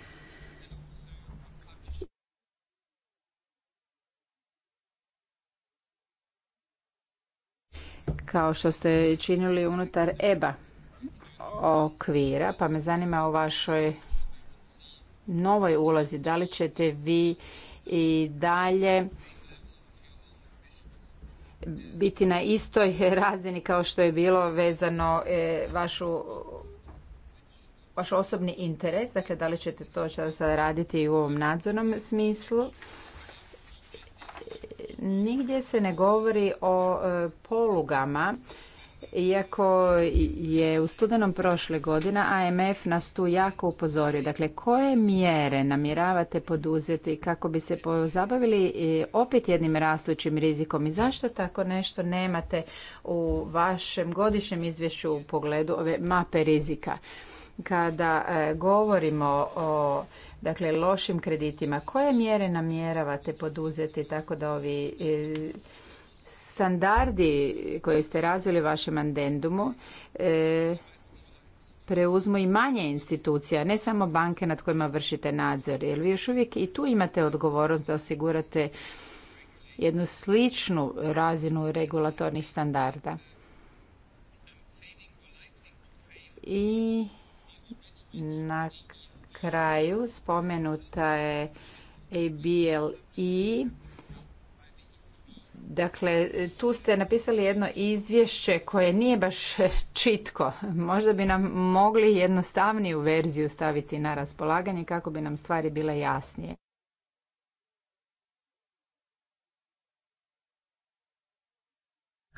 kao što ste činili unutar EBA okvira, pa me zanima o vašoj novoj ulozi. Da li ćete vi i dalje biti na istoj razini kao što je bilo vezano e, vašu vaš osobni interes, dakle da li ćete to sada raditi i u ovom nadzornom smislu. Nigdje se ne govori o e, polugama, iako je u studenom prošle godine AMF nas tu jako upozorio. Dakle, koje mjere namjeravate poduzeti kako bi se pozabavili e, opet jednim rastućim rizikom i zašto tako nešto nemate u vašem godišnjem izvješću u pogledu ove mape rizika? Kada e, govorimo o dakle, lošim kreditima, koje mjere namjeravate poduzeti tako da ovi e, standardi koji ste razvili u vašem andendumu e, preuzmu i manje institucija, ne samo banke nad kojima vršite nadzor, jer vi još uvijek i tu imate odgovornost da osigurate jednu sličnu razinu regulatornih standarda. I na kraju spomenuta je ABLE. Dakle, tu ste napisali jedno izvješće koje nije baš čitko. Možda bi nam mogli jednostavniju verziju staviti na raspolaganje kako bi nam stvari bile jasnije.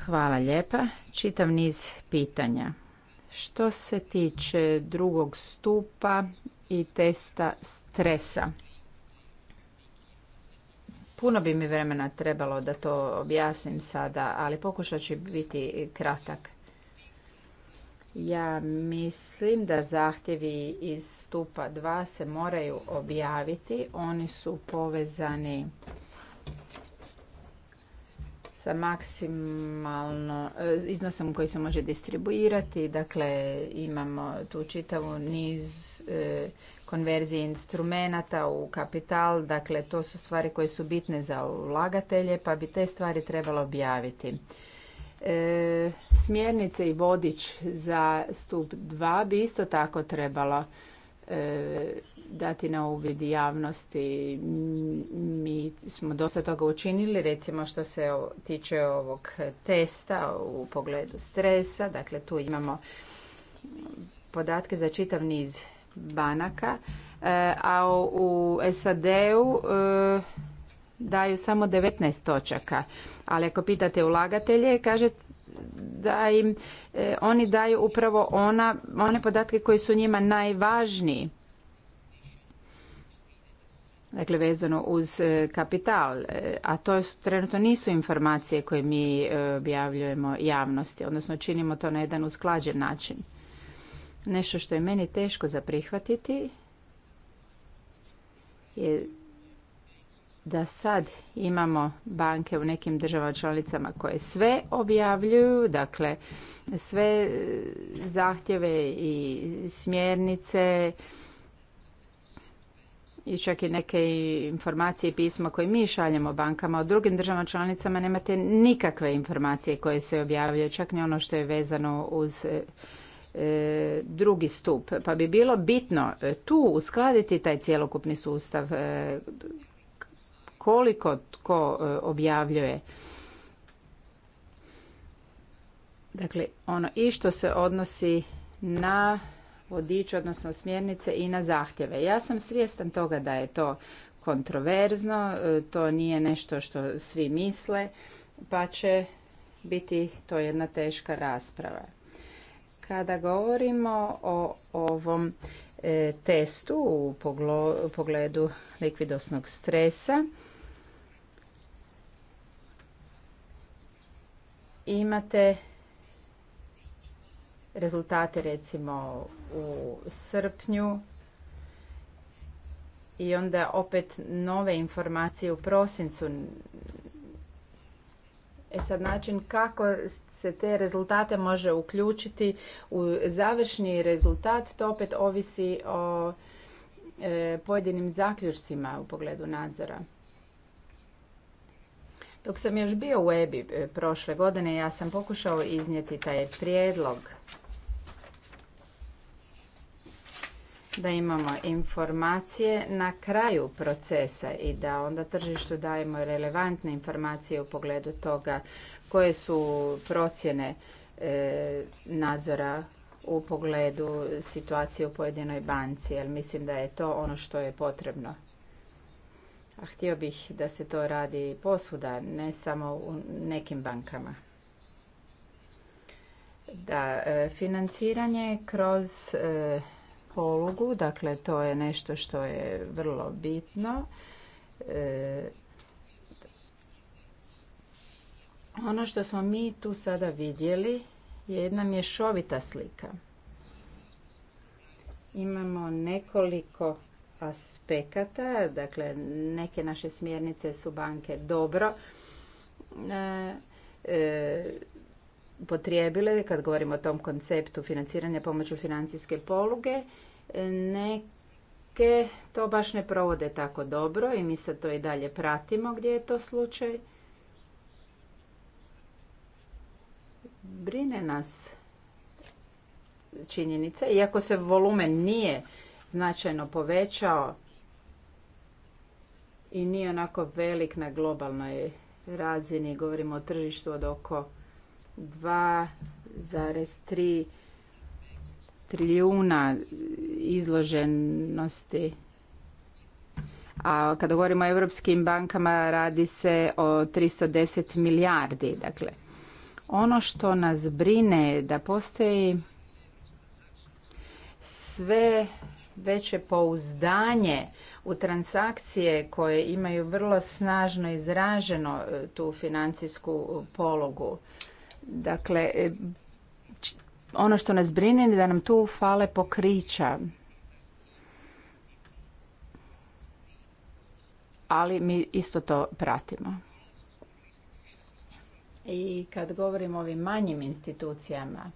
Hvala lijepa. Čitav niz pitanja. Što se tiče drugog stupa i testa stresa. Puno bi mi vremena trebalo da to objasnim sada, ali pokušat ću biti kratak. Ja mislim da zahtjevi iz stupa 2 se moraju objaviti. Oni su povezani sa maksimalno e, iznosom koji se može distribuirati. Dakle, imamo tu čitavu niz e, konverzije instrumenata u kapital. Dakle, to su stvari koje su bitne za ulagatelje, pa bi te stvari trebalo objaviti. E, smjernice i vodič za stup 2 bi isto tako trebalo E, dati na uvid javnosti. Mi smo dosta toga učinili, recimo što se tiče ovog testa u pogledu stresa. Dakle, tu imamo podatke za čitav niz banaka, e, a u SAD-u e, daju samo 19 točaka. Ali ako pitate ulagatelje, kažete da im e, oni daju upravo ona, one podatke koji su njima najvažniji. Dakle, vezano uz e, kapital, e, a to trenutno nisu informacije koje mi objavljujemo javnosti, odnosno činimo to na jedan usklađen način. Nešto što je meni teško za prihvatiti je da sad imamo banke u nekim državama članicama koje sve objavljuju, dakle sve zahtjeve i smjernice i čak i neke informacije i pisma koje mi šaljemo bankama. U drugim državama članicama nemate nikakve informacije koje se objavljaju, čak ni ono što je vezano uz e, e, drugi stup. Pa bi bilo bitno e, tu uskladiti taj cjelokupni sustav koliko tko e, objavljuje. Dakle, ono i što se odnosi na vodič, odnosno smjernice i na zahtjeve. Ja sam svjestan toga da je to kontroverzno, e, to nije nešto što svi misle, pa će biti to jedna teška rasprava. Kada govorimo o ovom e, testu u pogledu likvidosnog stresa, imate rezultate recimo u srpnju i onda opet nove informacije u prosincu. E sad način kako se te rezultate može uključiti u završni rezultat, to opet ovisi o e, pojedinim zaključcima u pogledu nadzora. Dok sam još bio u EBI e, prošle godine, ja sam pokušao iznijeti taj prijedlog da imamo informacije na kraju procesa i da onda tržištu dajemo relevantne informacije u pogledu toga koje su procjene e, nadzora u pogledu situacije u pojedinoj banci, jer mislim da je to ono što je potrebno. A htio bih da se to radi posvuda, ne samo u nekim bankama. Da, e, financiranje kroz e, polugu, dakle to je nešto što je vrlo bitno. E, ono što smo mi tu sada vidjeli je jedna mješovita slika. Imamo nekoliko aspekata. Dakle, neke naše smjernice su banke dobro e, e potrijebile kad govorimo o tom konceptu financiranja pomoću financijske poluge. Neke to baš ne provode tako dobro i mi sad to i dalje pratimo gdje je to slučaj. Brine nas činjenica, iako se volumen nije značajno povećao i nije onako velik na globalnoj razini. Govorimo o tržištu od oko 2,3 trilijuna izloženosti. A kada govorimo o europskim bankama radi se o 310 milijardi. Dakle, ono što nas brine je da postoji sve veće pouzdanje u transakcije koje imaju vrlo snažno izraženo e, tu financijsku pologu. Dakle, e, ono što nas brine je da nam tu fale pokrića. Ali mi isto to pratimo. I kad govorimo o ovim manjim institucijama,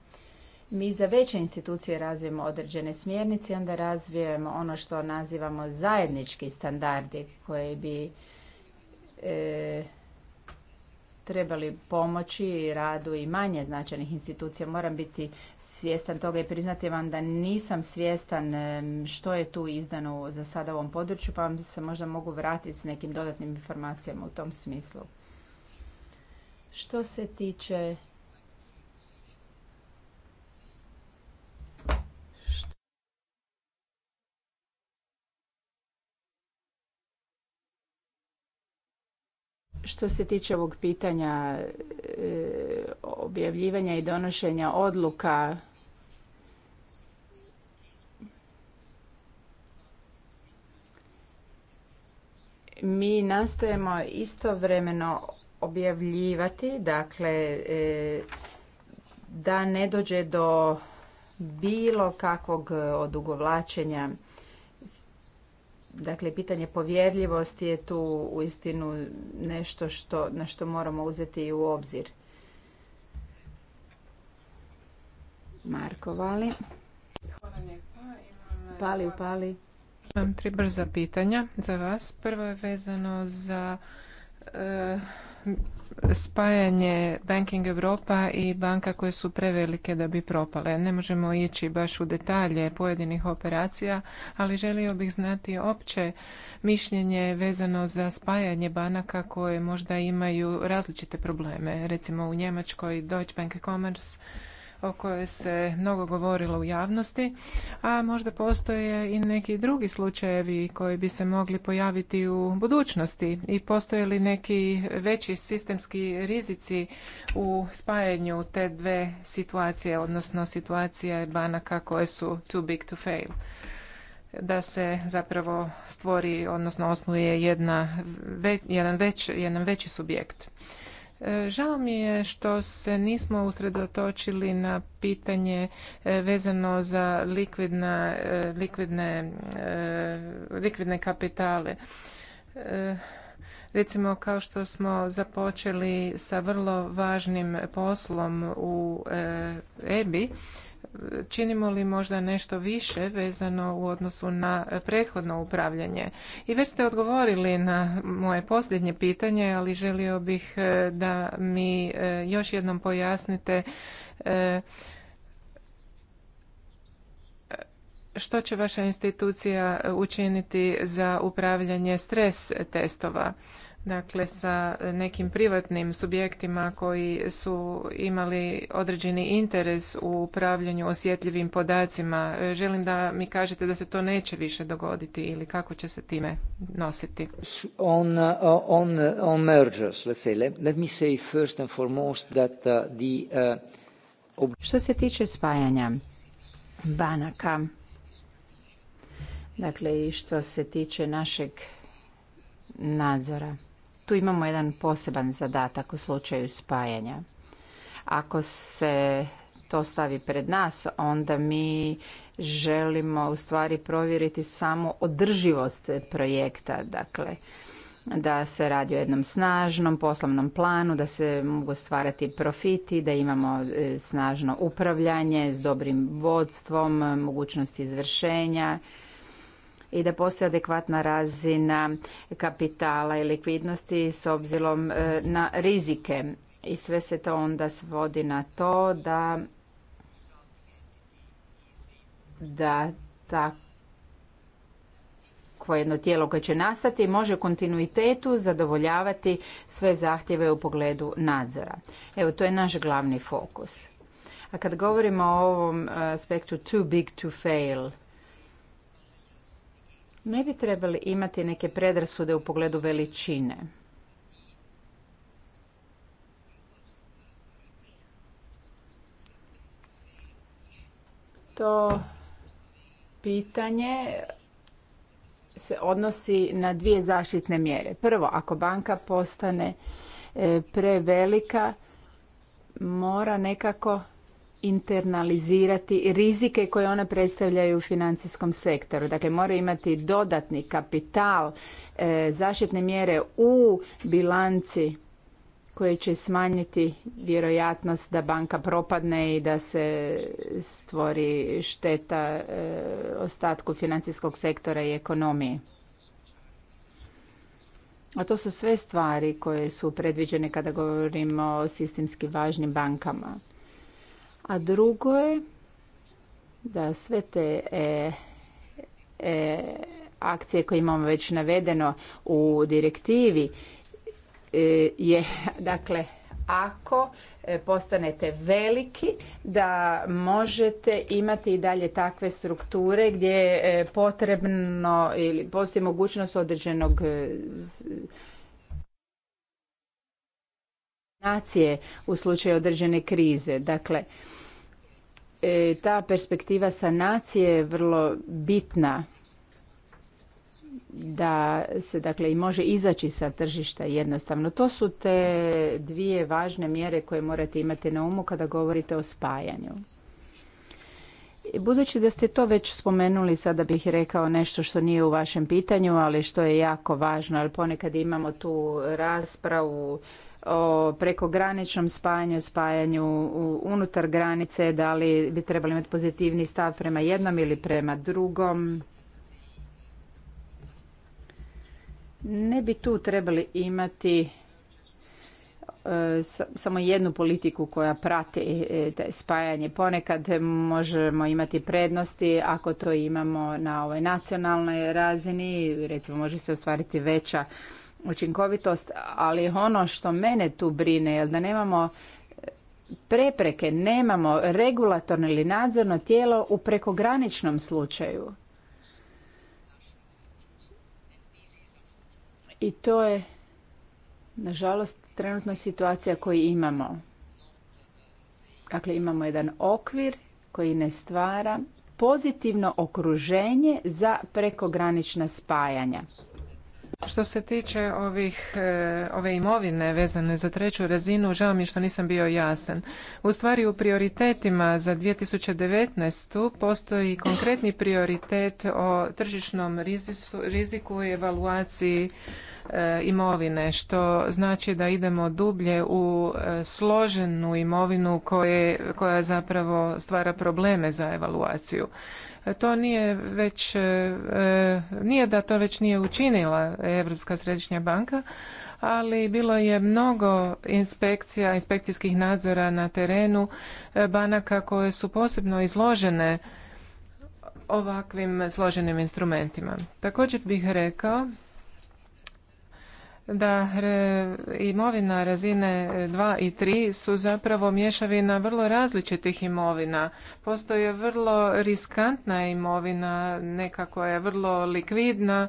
mi za veće institucije razvijemo određene smjernice, onda razvijemo ono što nazivamo zajednički standardi koji bi e, trebali pomoći radu i manje značajnih institucija. Moram biti svjestan toga i priznati vam da nisam svjestan što je tu izdano za sada u ovom području, pa vam se možda mogu vratiti s nekim dodatnim informacijama u tom smislu. Što se tiče Što se tiče ovog pitanja e, objavljivanja i donošenja odluka mi nastojemo istovremeno objavljivati, dakle e, da ne dođe do bilo kakvog odugovlačenja Dakle, pitanje povjerljivosti je tu uistinu nešto što, na što moramo uzeti u obzir. Marko Vali. Pali, upali. Imam tri brza pitanja za vas. Prvo je vezano za e, spajanje Banking Europa i banka koje su prevelike da bi propale. Ne možemo ići baš u detalje pojedinih operacija, ali želio bih znati opće mišljenje vezano za spajanje banaka koje možda imaju različite probleme. Recimo u Njemačkoj Deutsche Bank Commerce o kojoj se mnogo govorilo u javnosti, a možda postoje i neki drugi slučajevi koji bi se mogli pojaviti u budućnosti i postoje li neki veći sistemski rizici u spajanju te dve situacije, odnosno situacije banaka koje su too big to fail da se zapravo stvori, odnosno osnuje jedan veći subjekt. E, žao mi je što se nismo usredotočili na pitanje e, vezano za likvidna, e, likvidne, likvidne kapitale. Recimo kao što smo započeli sa vrlo važnim poslom u EBI, činimo li možda nešto više vezano u odnosu na prethodno upravljanje. I već ste odgovorili na moje posljednje pitanje, ali želio bih e, da mi e, još jednom pojasnite e, što će vaša institucija učiniti za upravljanje stres testova dakle sa nekim privatnim subjektima koji su imali određeni interes u upravljanju osjetljivim podacima. Želim da mi kažete da se to neće više dogoditi ili kako će se time nositi. On, uh, on, uh, on mergers, let's say, let, me say first and foremost that uh, the... Što se tiče spajanja banaka, dakle i što se tiče našeg nadzora tu imamo jedan poseban zadatak u slučaju spajanja. Ako se to stavi pred nas, onda mi želimo u stvari provjeriti samo održivost projekta, dakle da se radi o jednom snažnom poslovnom planu, da se mogu stvarati profiti, da imamo e, snažno upravljanje s dobrim vodstvom, e, mogućnosti izvršenja i da postoji adekvatna razina kapitala i likvidnosti s obzirom e, na rizike. I sve se to onda svodi na to da da takvo jedno tijelo koje će nastati može kontinuitetu zadovoljavati sve zahtjeve u pogledu nadzora. Evo, to je naš glavni fokus. A kad govorimo o ovom e, aspektu too big to fail, ne bi trebali imati neke predrasude u pogledu veličine. To pitanje se odnosi na dvije zaštitne mjere. Prvo, ako banka postane e, prevelika, mora nekako internalizirati rizike koje ona predstavljaju u financijskom sektoru. Dakle, moraju imati dodatni kapital, e, zaštitne mjere u bilanci koje će smanjiti vjerojatnost da banka propadne i da se stvori šteta e, ostatku financijskog sektora i ekonomije. A to su sve stvari koje su predviđene kada govorimo o sistemski važnim bankama. A drugo je da sve te e, e, akcije koje imamo već navedeno u direktivi e, je, (laughs) dakle, ako e, postanete veliki da možete imati i dalje takve strukture gdje je e, potrebno ili postoji mogućnost određenog e, nacije u slučaju određene krize. Dakle, E, ta perspektiva sanacije je vrlo bitna da se dakle i može izaći sa tržišta jednostavno. To su te dvije važne mjere koje morate imati na umu kada govorite o spajanju. Budući da ste to već spomenuli, sada bih rekao nešto što nije u vašem pitanju, ali što je jako važno, ali ponekad imamo tu raspravu o prekograničnom spajanju, spajanju unutar granice, da li bi trebali imati pozitivni stav prema jednom ili prema drugom. Ne bi tu trebali imati e, samo jednu politiku koja prati e, spajanje. Ponekad možemo imati prednosti ako to imamo na ovoj nacionalnoj razini, recimo može se ostvariti veća učinkovitost, ali ono što mene tu brine je da nemamo e, prepreke, nemamo regulatorno ili nadzorno tijelo u prekograničnom slučaju. I to je, nažalost, trenutna situacija koju imamo. Dakle, imamo jedan okvir koji ne stvara pozitivno okruženje za prekogranična spajanja. Što se tiče ovih, e, ove imovine vezane za treću razinu, žao mi je što nisam bio jasan. U stvari u prioritetima za 2019. postoji konkretni prioritet o tržišnom riziku i evaluaciji e, imovine, što znači da idemo dublje u e, složenu imovinu koja zapravo stvara probleme za evaluaciju to nije već, e, e, nije da to već nije učinila Europska središnja banka, ali bilo je mnogo inspekcija, inspekcijskih nadzora na terenu e, banaka koje su posebno izložene ovakvim složenim instrumentima. Također bih rekao da imovina razine 2 i 3 su zapravo mješavina vrlo različitih imovina. Postoje vrlo riskantna imovina, nekako je vrlo likvidna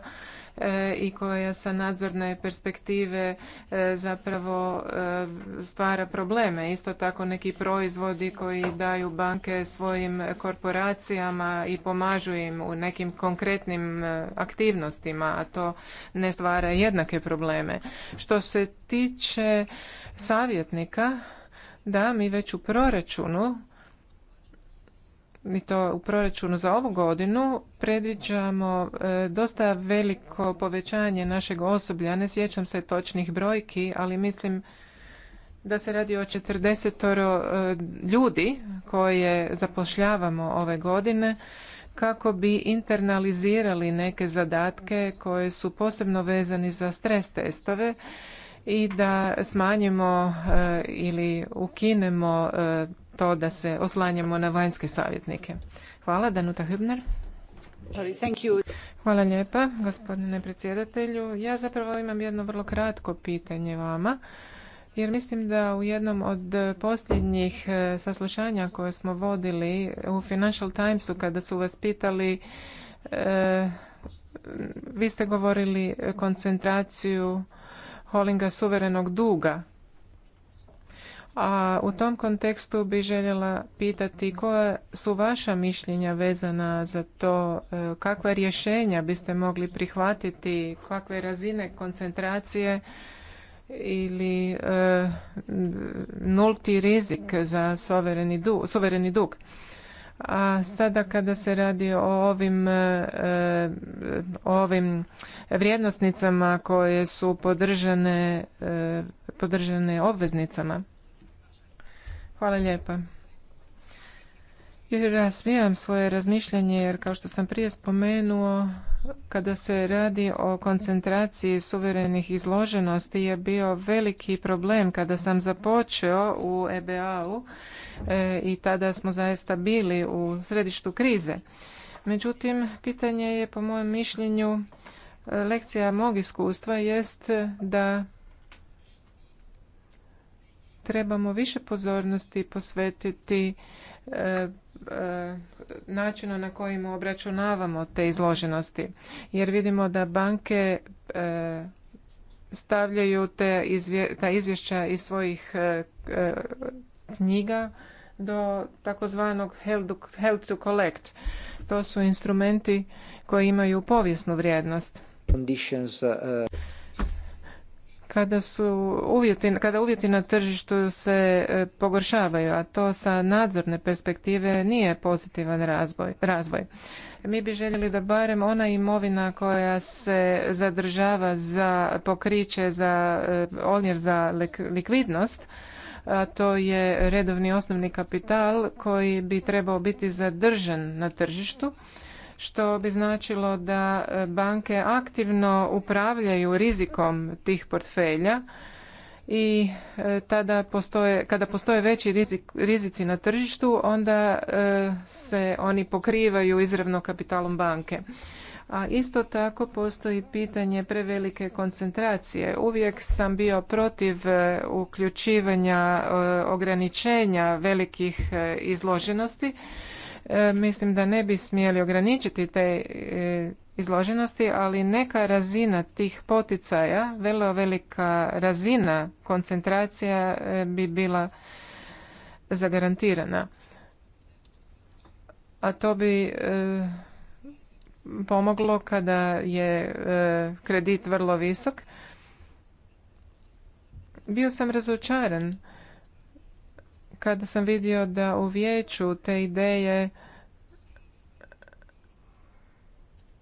E, i koja sa nadzorne perspektive e, zapravo e, stvara probleme. Isto tako neki proizvodi koji daju banke svojim korporacijama i pomažu im u nekim konkretnim aktivnostima, a to ne stvara jednake probleme. Što se tiče savjetnika, da mi već u proračunu i to u proračunu za ovu godinu predviđamo e, dosta veliko povećanje našeg osoblja. Ne sjećam se točnih brojki, ali mislim da se radi o 40 e, ljudi koje zapošljavamo ove godine kako bi internalizirali neke zadatke koje su posebno vezani za stres testove i da smanjimo e, ili ukinemo to da se oslanjamo na vanjske savjetnike. Hvala, Danuta Hübner. Hvala lijepa, gospodine predsjedatelju. Ja zapravo imam jedno vrlo kratko pitanje vama, jer mislim da u jednom od posljednjih e, saslušanja koje smo vodili u Financial Timesu, kada su vas pitali, e, vi ste govorili koncentraciju holinga suverenog duga a u tom kontekstu bi željela pitati koja su vaša mišljenja vezana za to e, kakva rješenja biste mogli prihvatiti, kakve razine koncentracije ili e, nulti rizik za dug, suvereni dug. A sada kada se radi o ovim, o e, e, ovim vrijednosnicama koje su podržane, podržane obveznicama, Hvala lijepa. Jer razvijam svoje razmišljanje jer kao što sam prije spomenuo, kada se radi o koncentraciji suverenih izloženosti je bio veliki problem kada sam započeo u EBA-u e, i tada smo zaista bili u središtu krize. Međutim, pitanje je po mojem mišljenju, lekcija mog iskustva jest da trebamo više pozornosti posvetiti e, e, načinu na kojim obračunavamo te izloženosti. Jer vidimo da banke e, stavljaju te ta izvješća iz svojih knjiga do takozvanog held to collect. To su instrumenti koji imaju povijesnu vrijednost. Conditions, uh, kada su uvjeti, kada uvjeti na tržištu se e, pogoršavaju, a to sa nadzorne perspektive nije pozitivan razvoj. razvoj. Mi bi željeli da barem ona imovina koja se zadržava za pokriće, za e, onjer za likvidnost, a to je redovni osnovni kapital koji bi trebao biti zadržan na tržištu što bi značilo da banke aktivno upravljaju rizikom tih portfelja i e, tada kada postoje veći rizik, rizici na tržištu onda e, se oni pokrivaju izravno kapitalom banke. A isto tako postoji pitanje prevelike koncentracije. Uvijek sam bio protiv e, uključivanja ograničenja velikih izloženosti E, mislim da ne bi smjeli ograničiti te e, izloženosti, ali neka razina tih poticaja, vrlo velika razina koncentracija e, bi bila zagarantirana. A to bi pomoglo kada je kredit vrlo visok. Bio sam razočaran kada sam vidio da u vijeću te ideje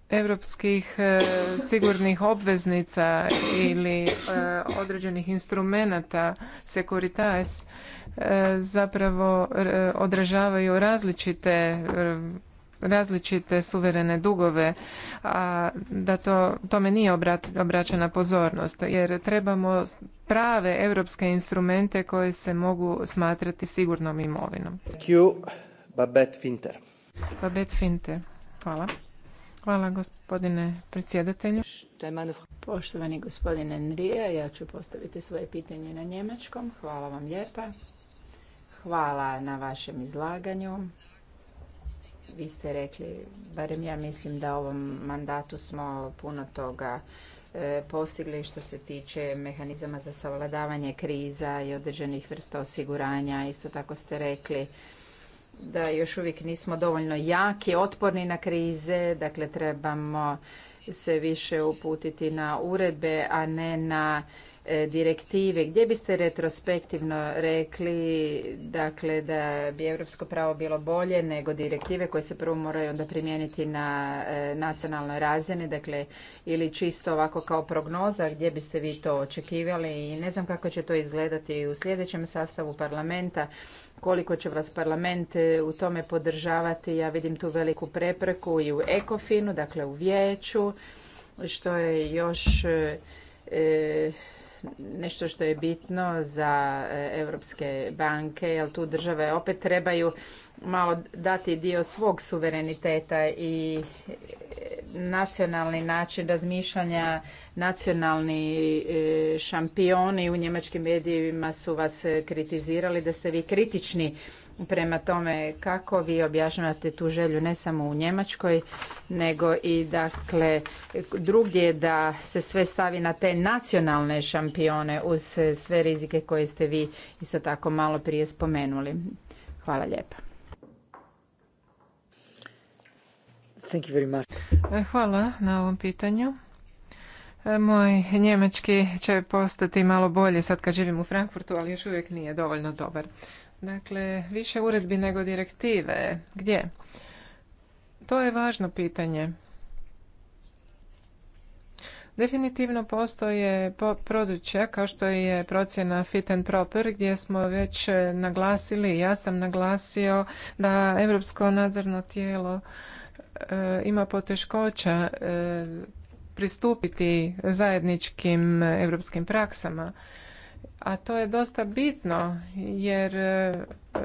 europskih e, sigurnih obveznica ili e, određenih instrumenata Securitas e, zapravo odražavaju različite različite suverene dugove, a da to, tome nije obraćena pozornost, jer trebamo prave europske instrumente koje se mogu smatrati sigurnom imovinom. Babette Finter. Babette Finter, hvala. Hvala gospodine predsjedatelju. Poštovani gospodine Nrije, ja ću postaviti svoje pitanje na njemačkom. Hvala vam lijepa. Hvala na vašem izlaganju vi ste rekli, barem ja mislim da ovom mandatu smo puno toga e, postigli što se tiče mehanizama za savladavanje kriza i određenih vrsta osiguranja. Isto tako ste rekli da još uvijek nismo dovoljno jaki, otporni na krize, dakle trebamo se više uputiti na uredbe, a ne na e, direktive, gdje biste retrospektivno rekli dakle, da bi europsko pravo bilo bolje nego direktive koje se prvo moraju onda primijeniti na e, nacionalnoj razini, dakle, ili čisto ovako kao prognoza, gdje biste vi to očekivali i ne znam kako će to izgledati u sljedećem sastavu parlamenta, koliko će vas parlament e, u tome podržavati. Ja vidim tu veliku prepreku i u ekofinu, dakle u vijeću, što je još e, e, nešto što je bitno za europske banke, jer tu države opet trebaju malo dati dio svog suvereniteta i nacionalni način razmišljanja, nacionalni e, šampioni u njemačkim medijima su vas e, kritizirali da ste vi kritični prema tome kako vi objašnjavate tu želju ne samo u Njemačkoj nego i dakle drugdje da se sve stavi na te nacionalne šampione uz e, sve rizike koje ste vi isto tako malo prije spomenuli. Hvala lijepa. E, hvala na ovom pitanju. E, moj njemački će postati malo bolje sad kad živim u Frankfurtu, ali još uvijek nije dovoljno dobar. Dakle, više uredbi nego direktive. Gdje? To je važno pitanje. Definitivno postoje područja kao što je procjena fit and proper gdje smo već e, naglasili, ja sam naglasio da Europsko nadzorno tijelo E, ima poteškoća e, pristupiti zajedničkim europskim praksama a to je dosta bitno jer e,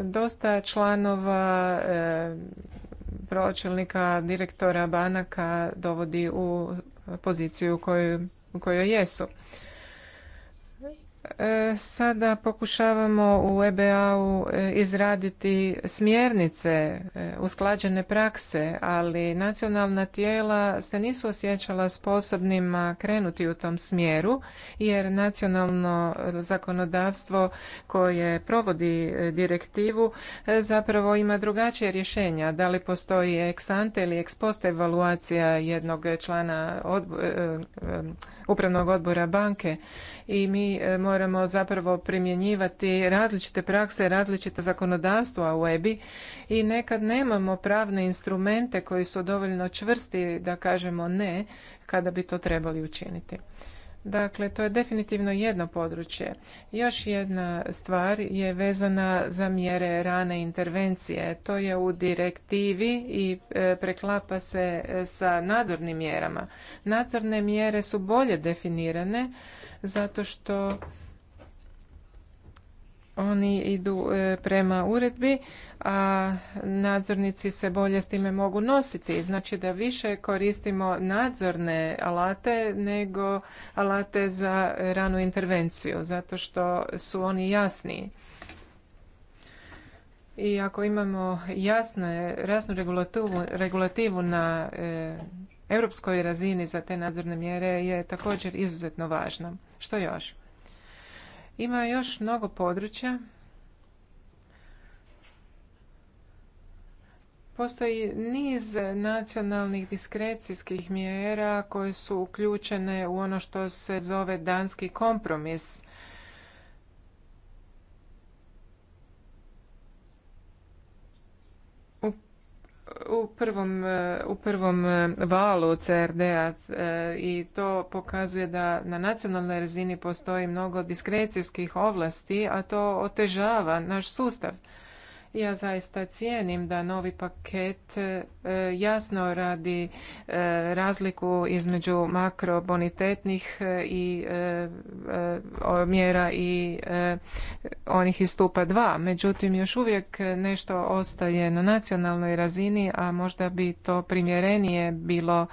dosta članova pročelnika, direktora banaka dovodi u poziciju u kojoj jesu. E, sada pokušavamo u EBA-u e, izraditi smjernice, e, usklađene prakse, ali nacionalna tijela se nisu osjećala sposobnima krenuti u tom smjeru, jer nacionalno zakonodavstvo koje provodi direktivu zapravo ima drugačije rješenja. Da li postoji ex ante ili ex post evaluacija jednog člana odbora, upravnog odbora banke i mi e, moramo zapravo primjenjivati različite prakse, različita zakonodavstva u EBI i nekad nemamo pravne instrumente koji su dovoljno čvrsti da kažemo ne kada bi to trebali učiniti. Dakle, to je definitivno jedno područje. Još jedna stvar je vezana za mjere rane intervencije. To je u direktivi i e, preklapa se e, sa nadzornim mjerama. Nadzorne mjere su bolje definirane zato što oni idu e, prema uredbi, a nadzornici se bolje s time mogu nositi. Znači da više koristimo nadzorne alate nego alate za ranu intervenciju, zato što su oni jasniji. I ako imamo jasne, jasnu regulativu, regulativu na e, europskoj razini za te nadzorne mjere je također izuzetno važno. Što još? Ima još mnogo područja. Postoji niz nacionalnih diskrecijskih mjera koje su uključene u ono što se zove danski kompromis u prvom, e, u prvom e, valu CRD-a e, i to pokazuje da na nacionalnoj razini postoji mnogo diskrecijskih ovlasti, a to otežava naš sustav. Ja zaista cijenim da novi paket e, jasno radi e, razliku između makrobonitetnih e, i mjera i onih iz stupa 2. Međutim, još uvijek nešto ostaje na nacionalnoj razini, a možda bi to primjerenije bilo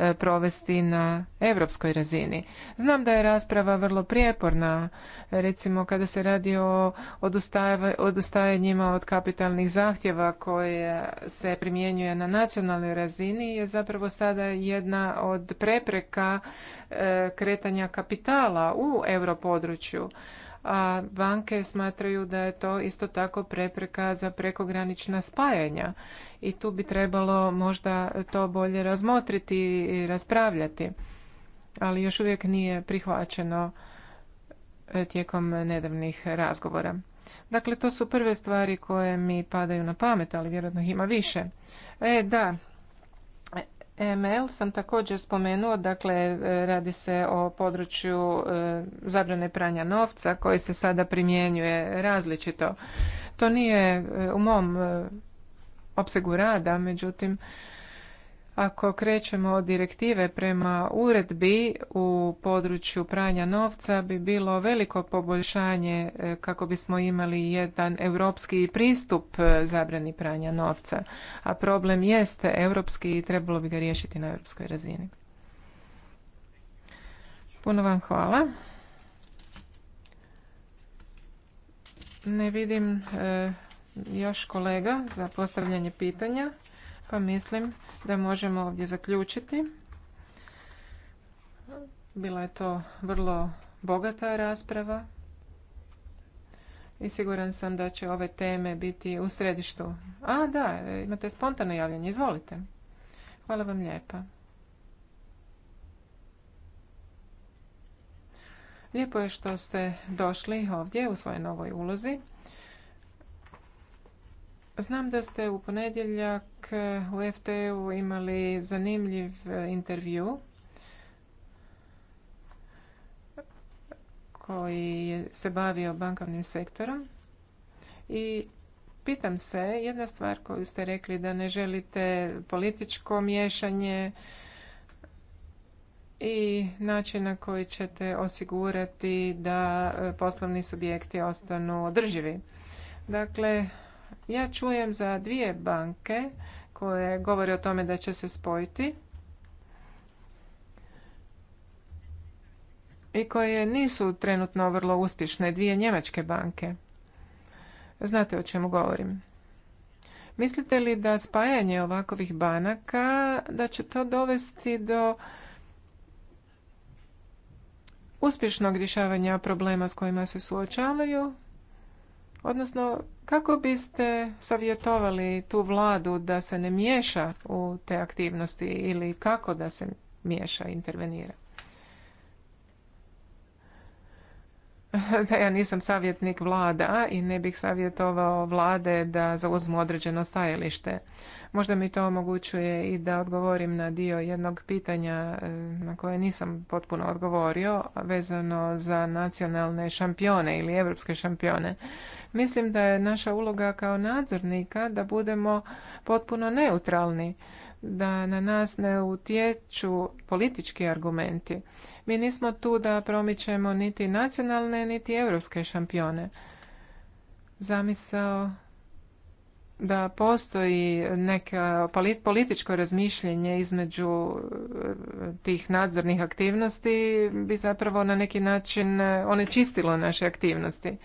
E, provesti na europskoj razini. Znam da je rasprava vrlo prijeporna, recimo kada se radi o odustajanjima od kapitalnih zahtjeva koje se primjenjuje na nacionalnoj razini je zapravo sada jedna od prepreka e, kretanja kapitala u europodručju a banke smatraju da je to isto tako prepreka za prekogranična spajanja i tu bi trebalo možda to bolje razmotriti i raspravljati. Ali još uvijek nije prihvaćeno e, tijekom nedavnih razgovora. Dakle, to su prve stvari koje mi padaju na pamet, ali vjerojatno ih ima više. E, da, ML sam također spomenuo, dakle e, radi se o području e, zabrane pranja novca koji se sada primjenjuje različito. To nije e, u mom opsegu rada, međutim ako krećemo od direktive prema uredbi u području pranja novca bi bilo veliko poboljšanje e, kako bismo imali jedan europski pristup e, zabrani pranja novca, a problem jeste europski i trebalo bi ga riješiti na europskoj razini. Puno vam hvala. Ne vidim e, još kolega za postavljanje pitanja. Pa mislim da možemo ovdje zaključiti. Bila je to vrlo bogata rasprava i siguran sam da će ove teme biti u središtu. A, da, imate spontano javljanje, izvolite. Hvala vam lijepa. Lijepo je što ste došli ovdje u svojoj novoj ulozi. Znam da ste u ponedjeljak eh, u FT-u imali zanimljiv eh, intervju koji se bavio bankovnim sektorom i pitam se jedna stvar koju ste rekli da ne želite političko miješanje i način na koji ćete osigurati da eh, poslovni subjekti ostanu održivi. Dakle, ja čujem za dvije banke koje govore o tome da će se spojiti i koje nisu trenutno vrlo uspješne, dvije njemačke banke. Znate o čemu govorim. Mislite li da spajanje ovakvih banaka da će to dovesti do uspješnog rješavanja problema s kojima se suočavaju, odnosno kako biste savjetovali tu vladu da se ne miješa u te aktivnosti ili kako da se miješa, intervenira? da ja nisam savjetnik vlada i ne bih savjetovao vlade da zauzmu određeno stajalište. Možda mi to omogućuje i da odgovorim na dio jednog pitanja e, na koje nisam potpuno odgovorio, vezano za nacionalne šampione ili evropske šampione. Mislim da je naša uloga kao nadzornika da budemo potpuno neutralni da na nas ne utječu politički argumenti. Mi nismo tu da promičemo niti nacionalne, niti europske šampione. Zamisao da postoji neka političko razmišljenje između e, tih nadzornih aktivnosti bi zapravo na neki način e, onečistilo naše aktivnosti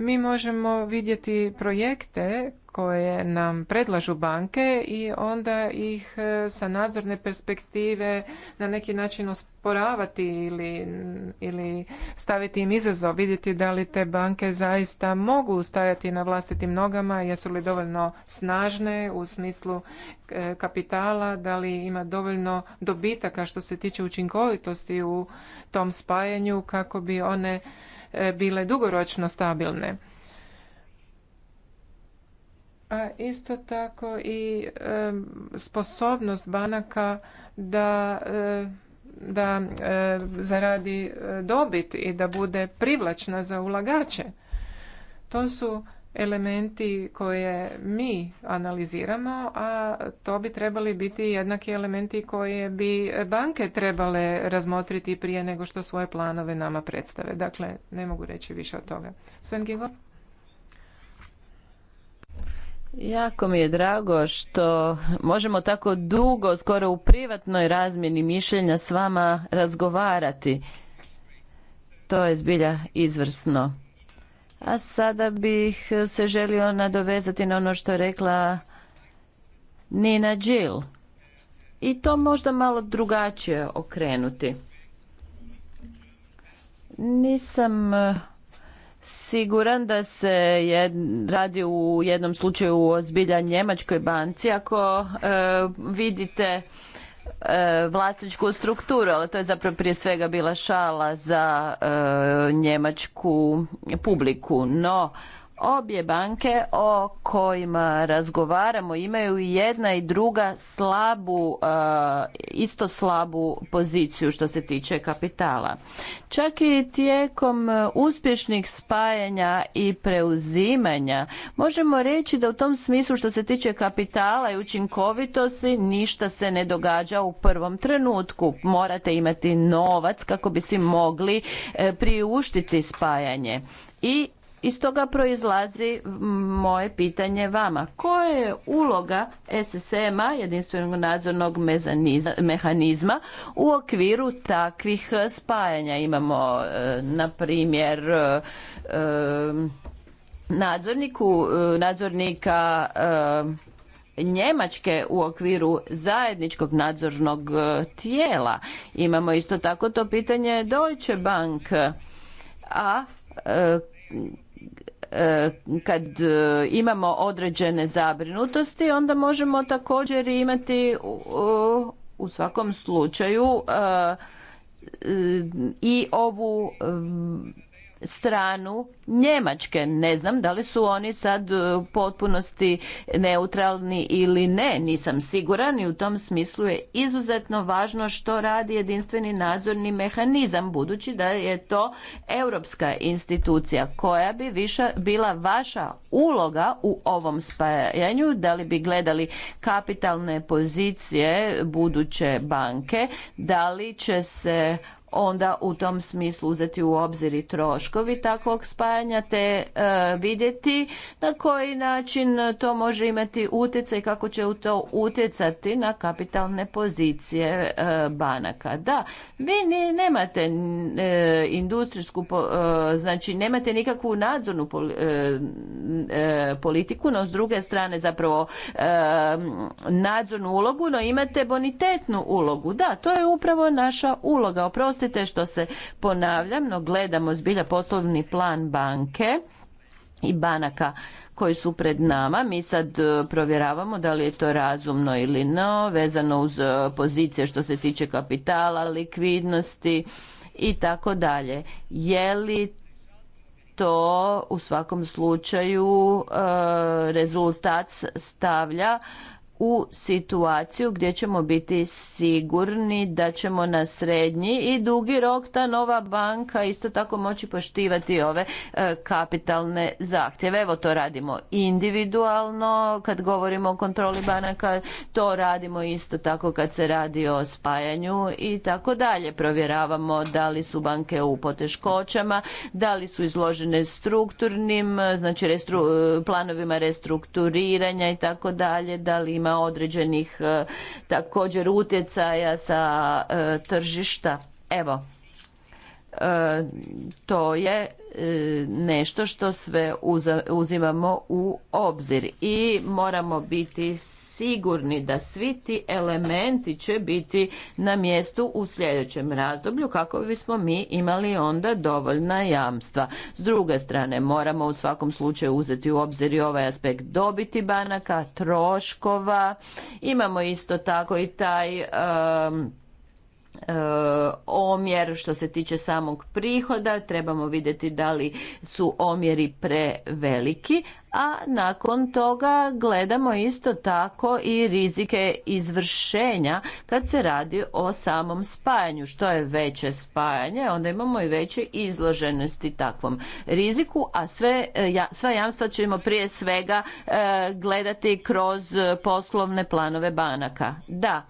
mi možemo vidjeti projekte koje nam predlažu banke i onda ih e, sa nadzorne perspektive na neki način osporavati ili, ili staviti im izazov, vidjeti da li te banke zaista mogu stajati na vlastitim nogama, jesu li dovoljno snažne u smislu e, kapitala, da li ima dovoljno dobitaka što se tiče učinkovitosti u tom spajanju kako bi one E, bile dugoročno stabilne. A isto tako i e, sposobnost banaka da e, da zaradi dobit i da bude privlačna za ulagače. To su elementi koje mi analiziramo, a to bi trebali biti jednaki elementi koje bi banke trebale razmotriti prije nego što svoje planove nama predstave. Dakle, ne mogu reći više od toga. Sven Jako mi je drago što možemo tako dugo, skoro u privatnoj razmjeni mišljenja s vama razgovarati. To je zbilja izvrsno. A sada bih se želio nadovezati na ono što je rekla Nina Jill. I to možda malo drugačije okrenuti. Nisam e, siguran da se radi u jednom slučaju o zbilja njemačkoj banci. Ako e, vidite E, vlasničku strukturu, ali to je zapravo prije svega bila šala za e, njemačku publiku. No, Obje banke o kojima razgovaramo imaju i jedna i druga slabu, eh, isto slabu poziciju što se tiče kapitala. Čak i tijekom eh, uspješnih spajanja i preuzimanja možemo reći da u tom smislu što se tiče kapitala i učinkovitosti ništa se ne događa u prvom trenutku. Morate imati novac kako bi si mogli eh, priuštiti spajanje i iz toga proizlazi moje pitanje vama. Koja je uloga SSM-a, jedinstvenog nadzornog mehanizma, u okviru takvih e, spajanja? Imamo, e, na primjer, e, nadzornika Njemačke u okviru zajedničkog nadzornog tijela. Imamo isto tako to pitanje Deutsche Bank. A E, kad e, imamo određene zabrinutosti onda možemo također imati u svakom slučaju e, i ovu stranu Njemačke. Ne znam da li su oni sad e, u potpunosti neutralni ili ne, nisam siguran i u tom smislu je izuzetno važno što radi jedinstveni nadzorni mehanizam, budući da je to europska institucija koja bi više bila vaša uloga u ovom spajanju, da li bi gledali kapitalne pozicije buduće banke, da li će se onda u tom smislu uzeti u obzir i troškovi takvog spajanja te e, vidjeti na koji način to može imati utjecaj kako će u to utjecati na kapitalne pozicije e, banaka. Da, vi ni, nemate e, industrijsku znači nemate nikakvu nadzornu politiku, no s druge strane zapravo nadzornu ulogu, no imate bonitetnu ulogu. Da, to je upravo naša uloga. Oprosti Oprostite što se ponavljam, no gledamo zbilja poslovni plan banke i banaka koji su pred nama. Mi sad e, provjeravamo da li je to razumno ili no, vezano uz e, pozicije što se tiče kapitala, likvidnosti i tako dalje. Je li to u svakom slučaju e, rezultat stavlja u situaciju gdje ćemo biti sigurni da ćemo na srednji i dugi rok ta nova banka isto tako moći poštivati ove e, kapitalne zahtjeve. Evo to radimo individualno kad govorimo o kontroli banaka, to radimo isto tako kad se radi o spajanju i tako dalje. Provjeravamo da li su banke u poteškoćama, da li su izložene strukturnim, e, znači e, planovima restrukturiranja i tako dalje, da li ima ima određenih e, također utjecaja sa e, tržišta. Evo, e, to je nešto što sve uzimamo u obzir i moramo biti sigurni da svi ti elementi će biti na mjestu u sljedećem razdoblju kako bismo mi imali onda dovoljna jamstva. S druge strane, moramo u svakom slučaju uzeti u obzir i ovaj aspekt dobiti banaka, troškova. Imamo isto tako i taj E, omjer što se tiče samog prihoda, trebamo vidjeti da li su omjeri preveliki, a nakon toga gledamo isto tako i rizike izvršenja kad se radi o samom spajanju. Što je veće spajanje, onda imamo i veće izloženosti takvom riziku, a sve, e, sva jamstva ćemo prije svega e, gledati kroz poslovne planove banaka. Da,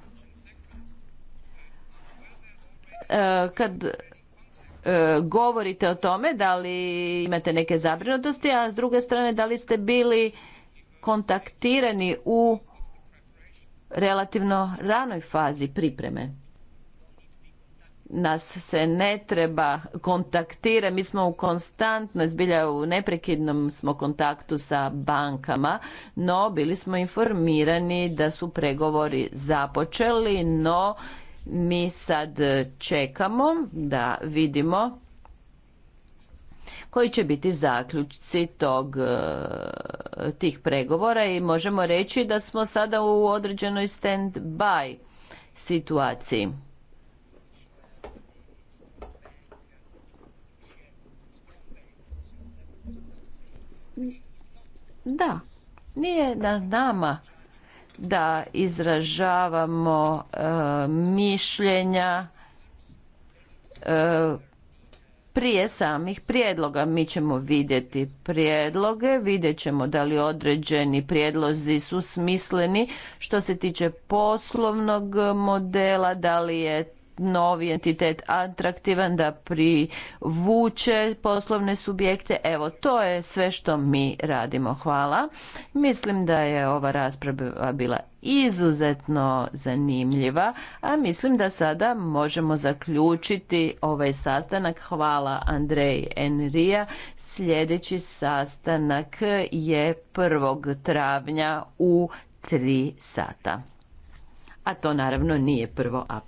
E, kad e, govorite o tome, da li imate neke zabrinutosti, a s druge strane da li ste bili kontaktirani u relativno ranoj fazi pripreme. Nas se ne treba kontaktira, mi smo u konstantnoj, zbilja u neprekidnom smo kontaktu sa bankama, no bili smo informirani da su pregovori započeli, no mi sad e, čekamo da vidimo koji će biti zaključci tog, e, tih pregovora i možemo reći da smo sada u određenoj stand-by situaciji. Da, nije na nama da izražavamo e, mišljenja e, prije samih prijedloga. Mi ćemo vidjeti prijedloge, vidjet ćemo da li određeni prijedlozi su smisleni što se tiče poslovnog modela, da li je novi entitet atraktivan, da privuče poslovne subjekte. Evo, to je sve što mi radimo. Hvala. Mislim da je ova rasprava bila izuzetno zanimljiva, a mislim da sada možemo zaključiti ovaj sastanak. Hvala Andrej Enrija. Sljedeći sastanak je 1. travnja u 3 sata. A to naravno nije 1. april.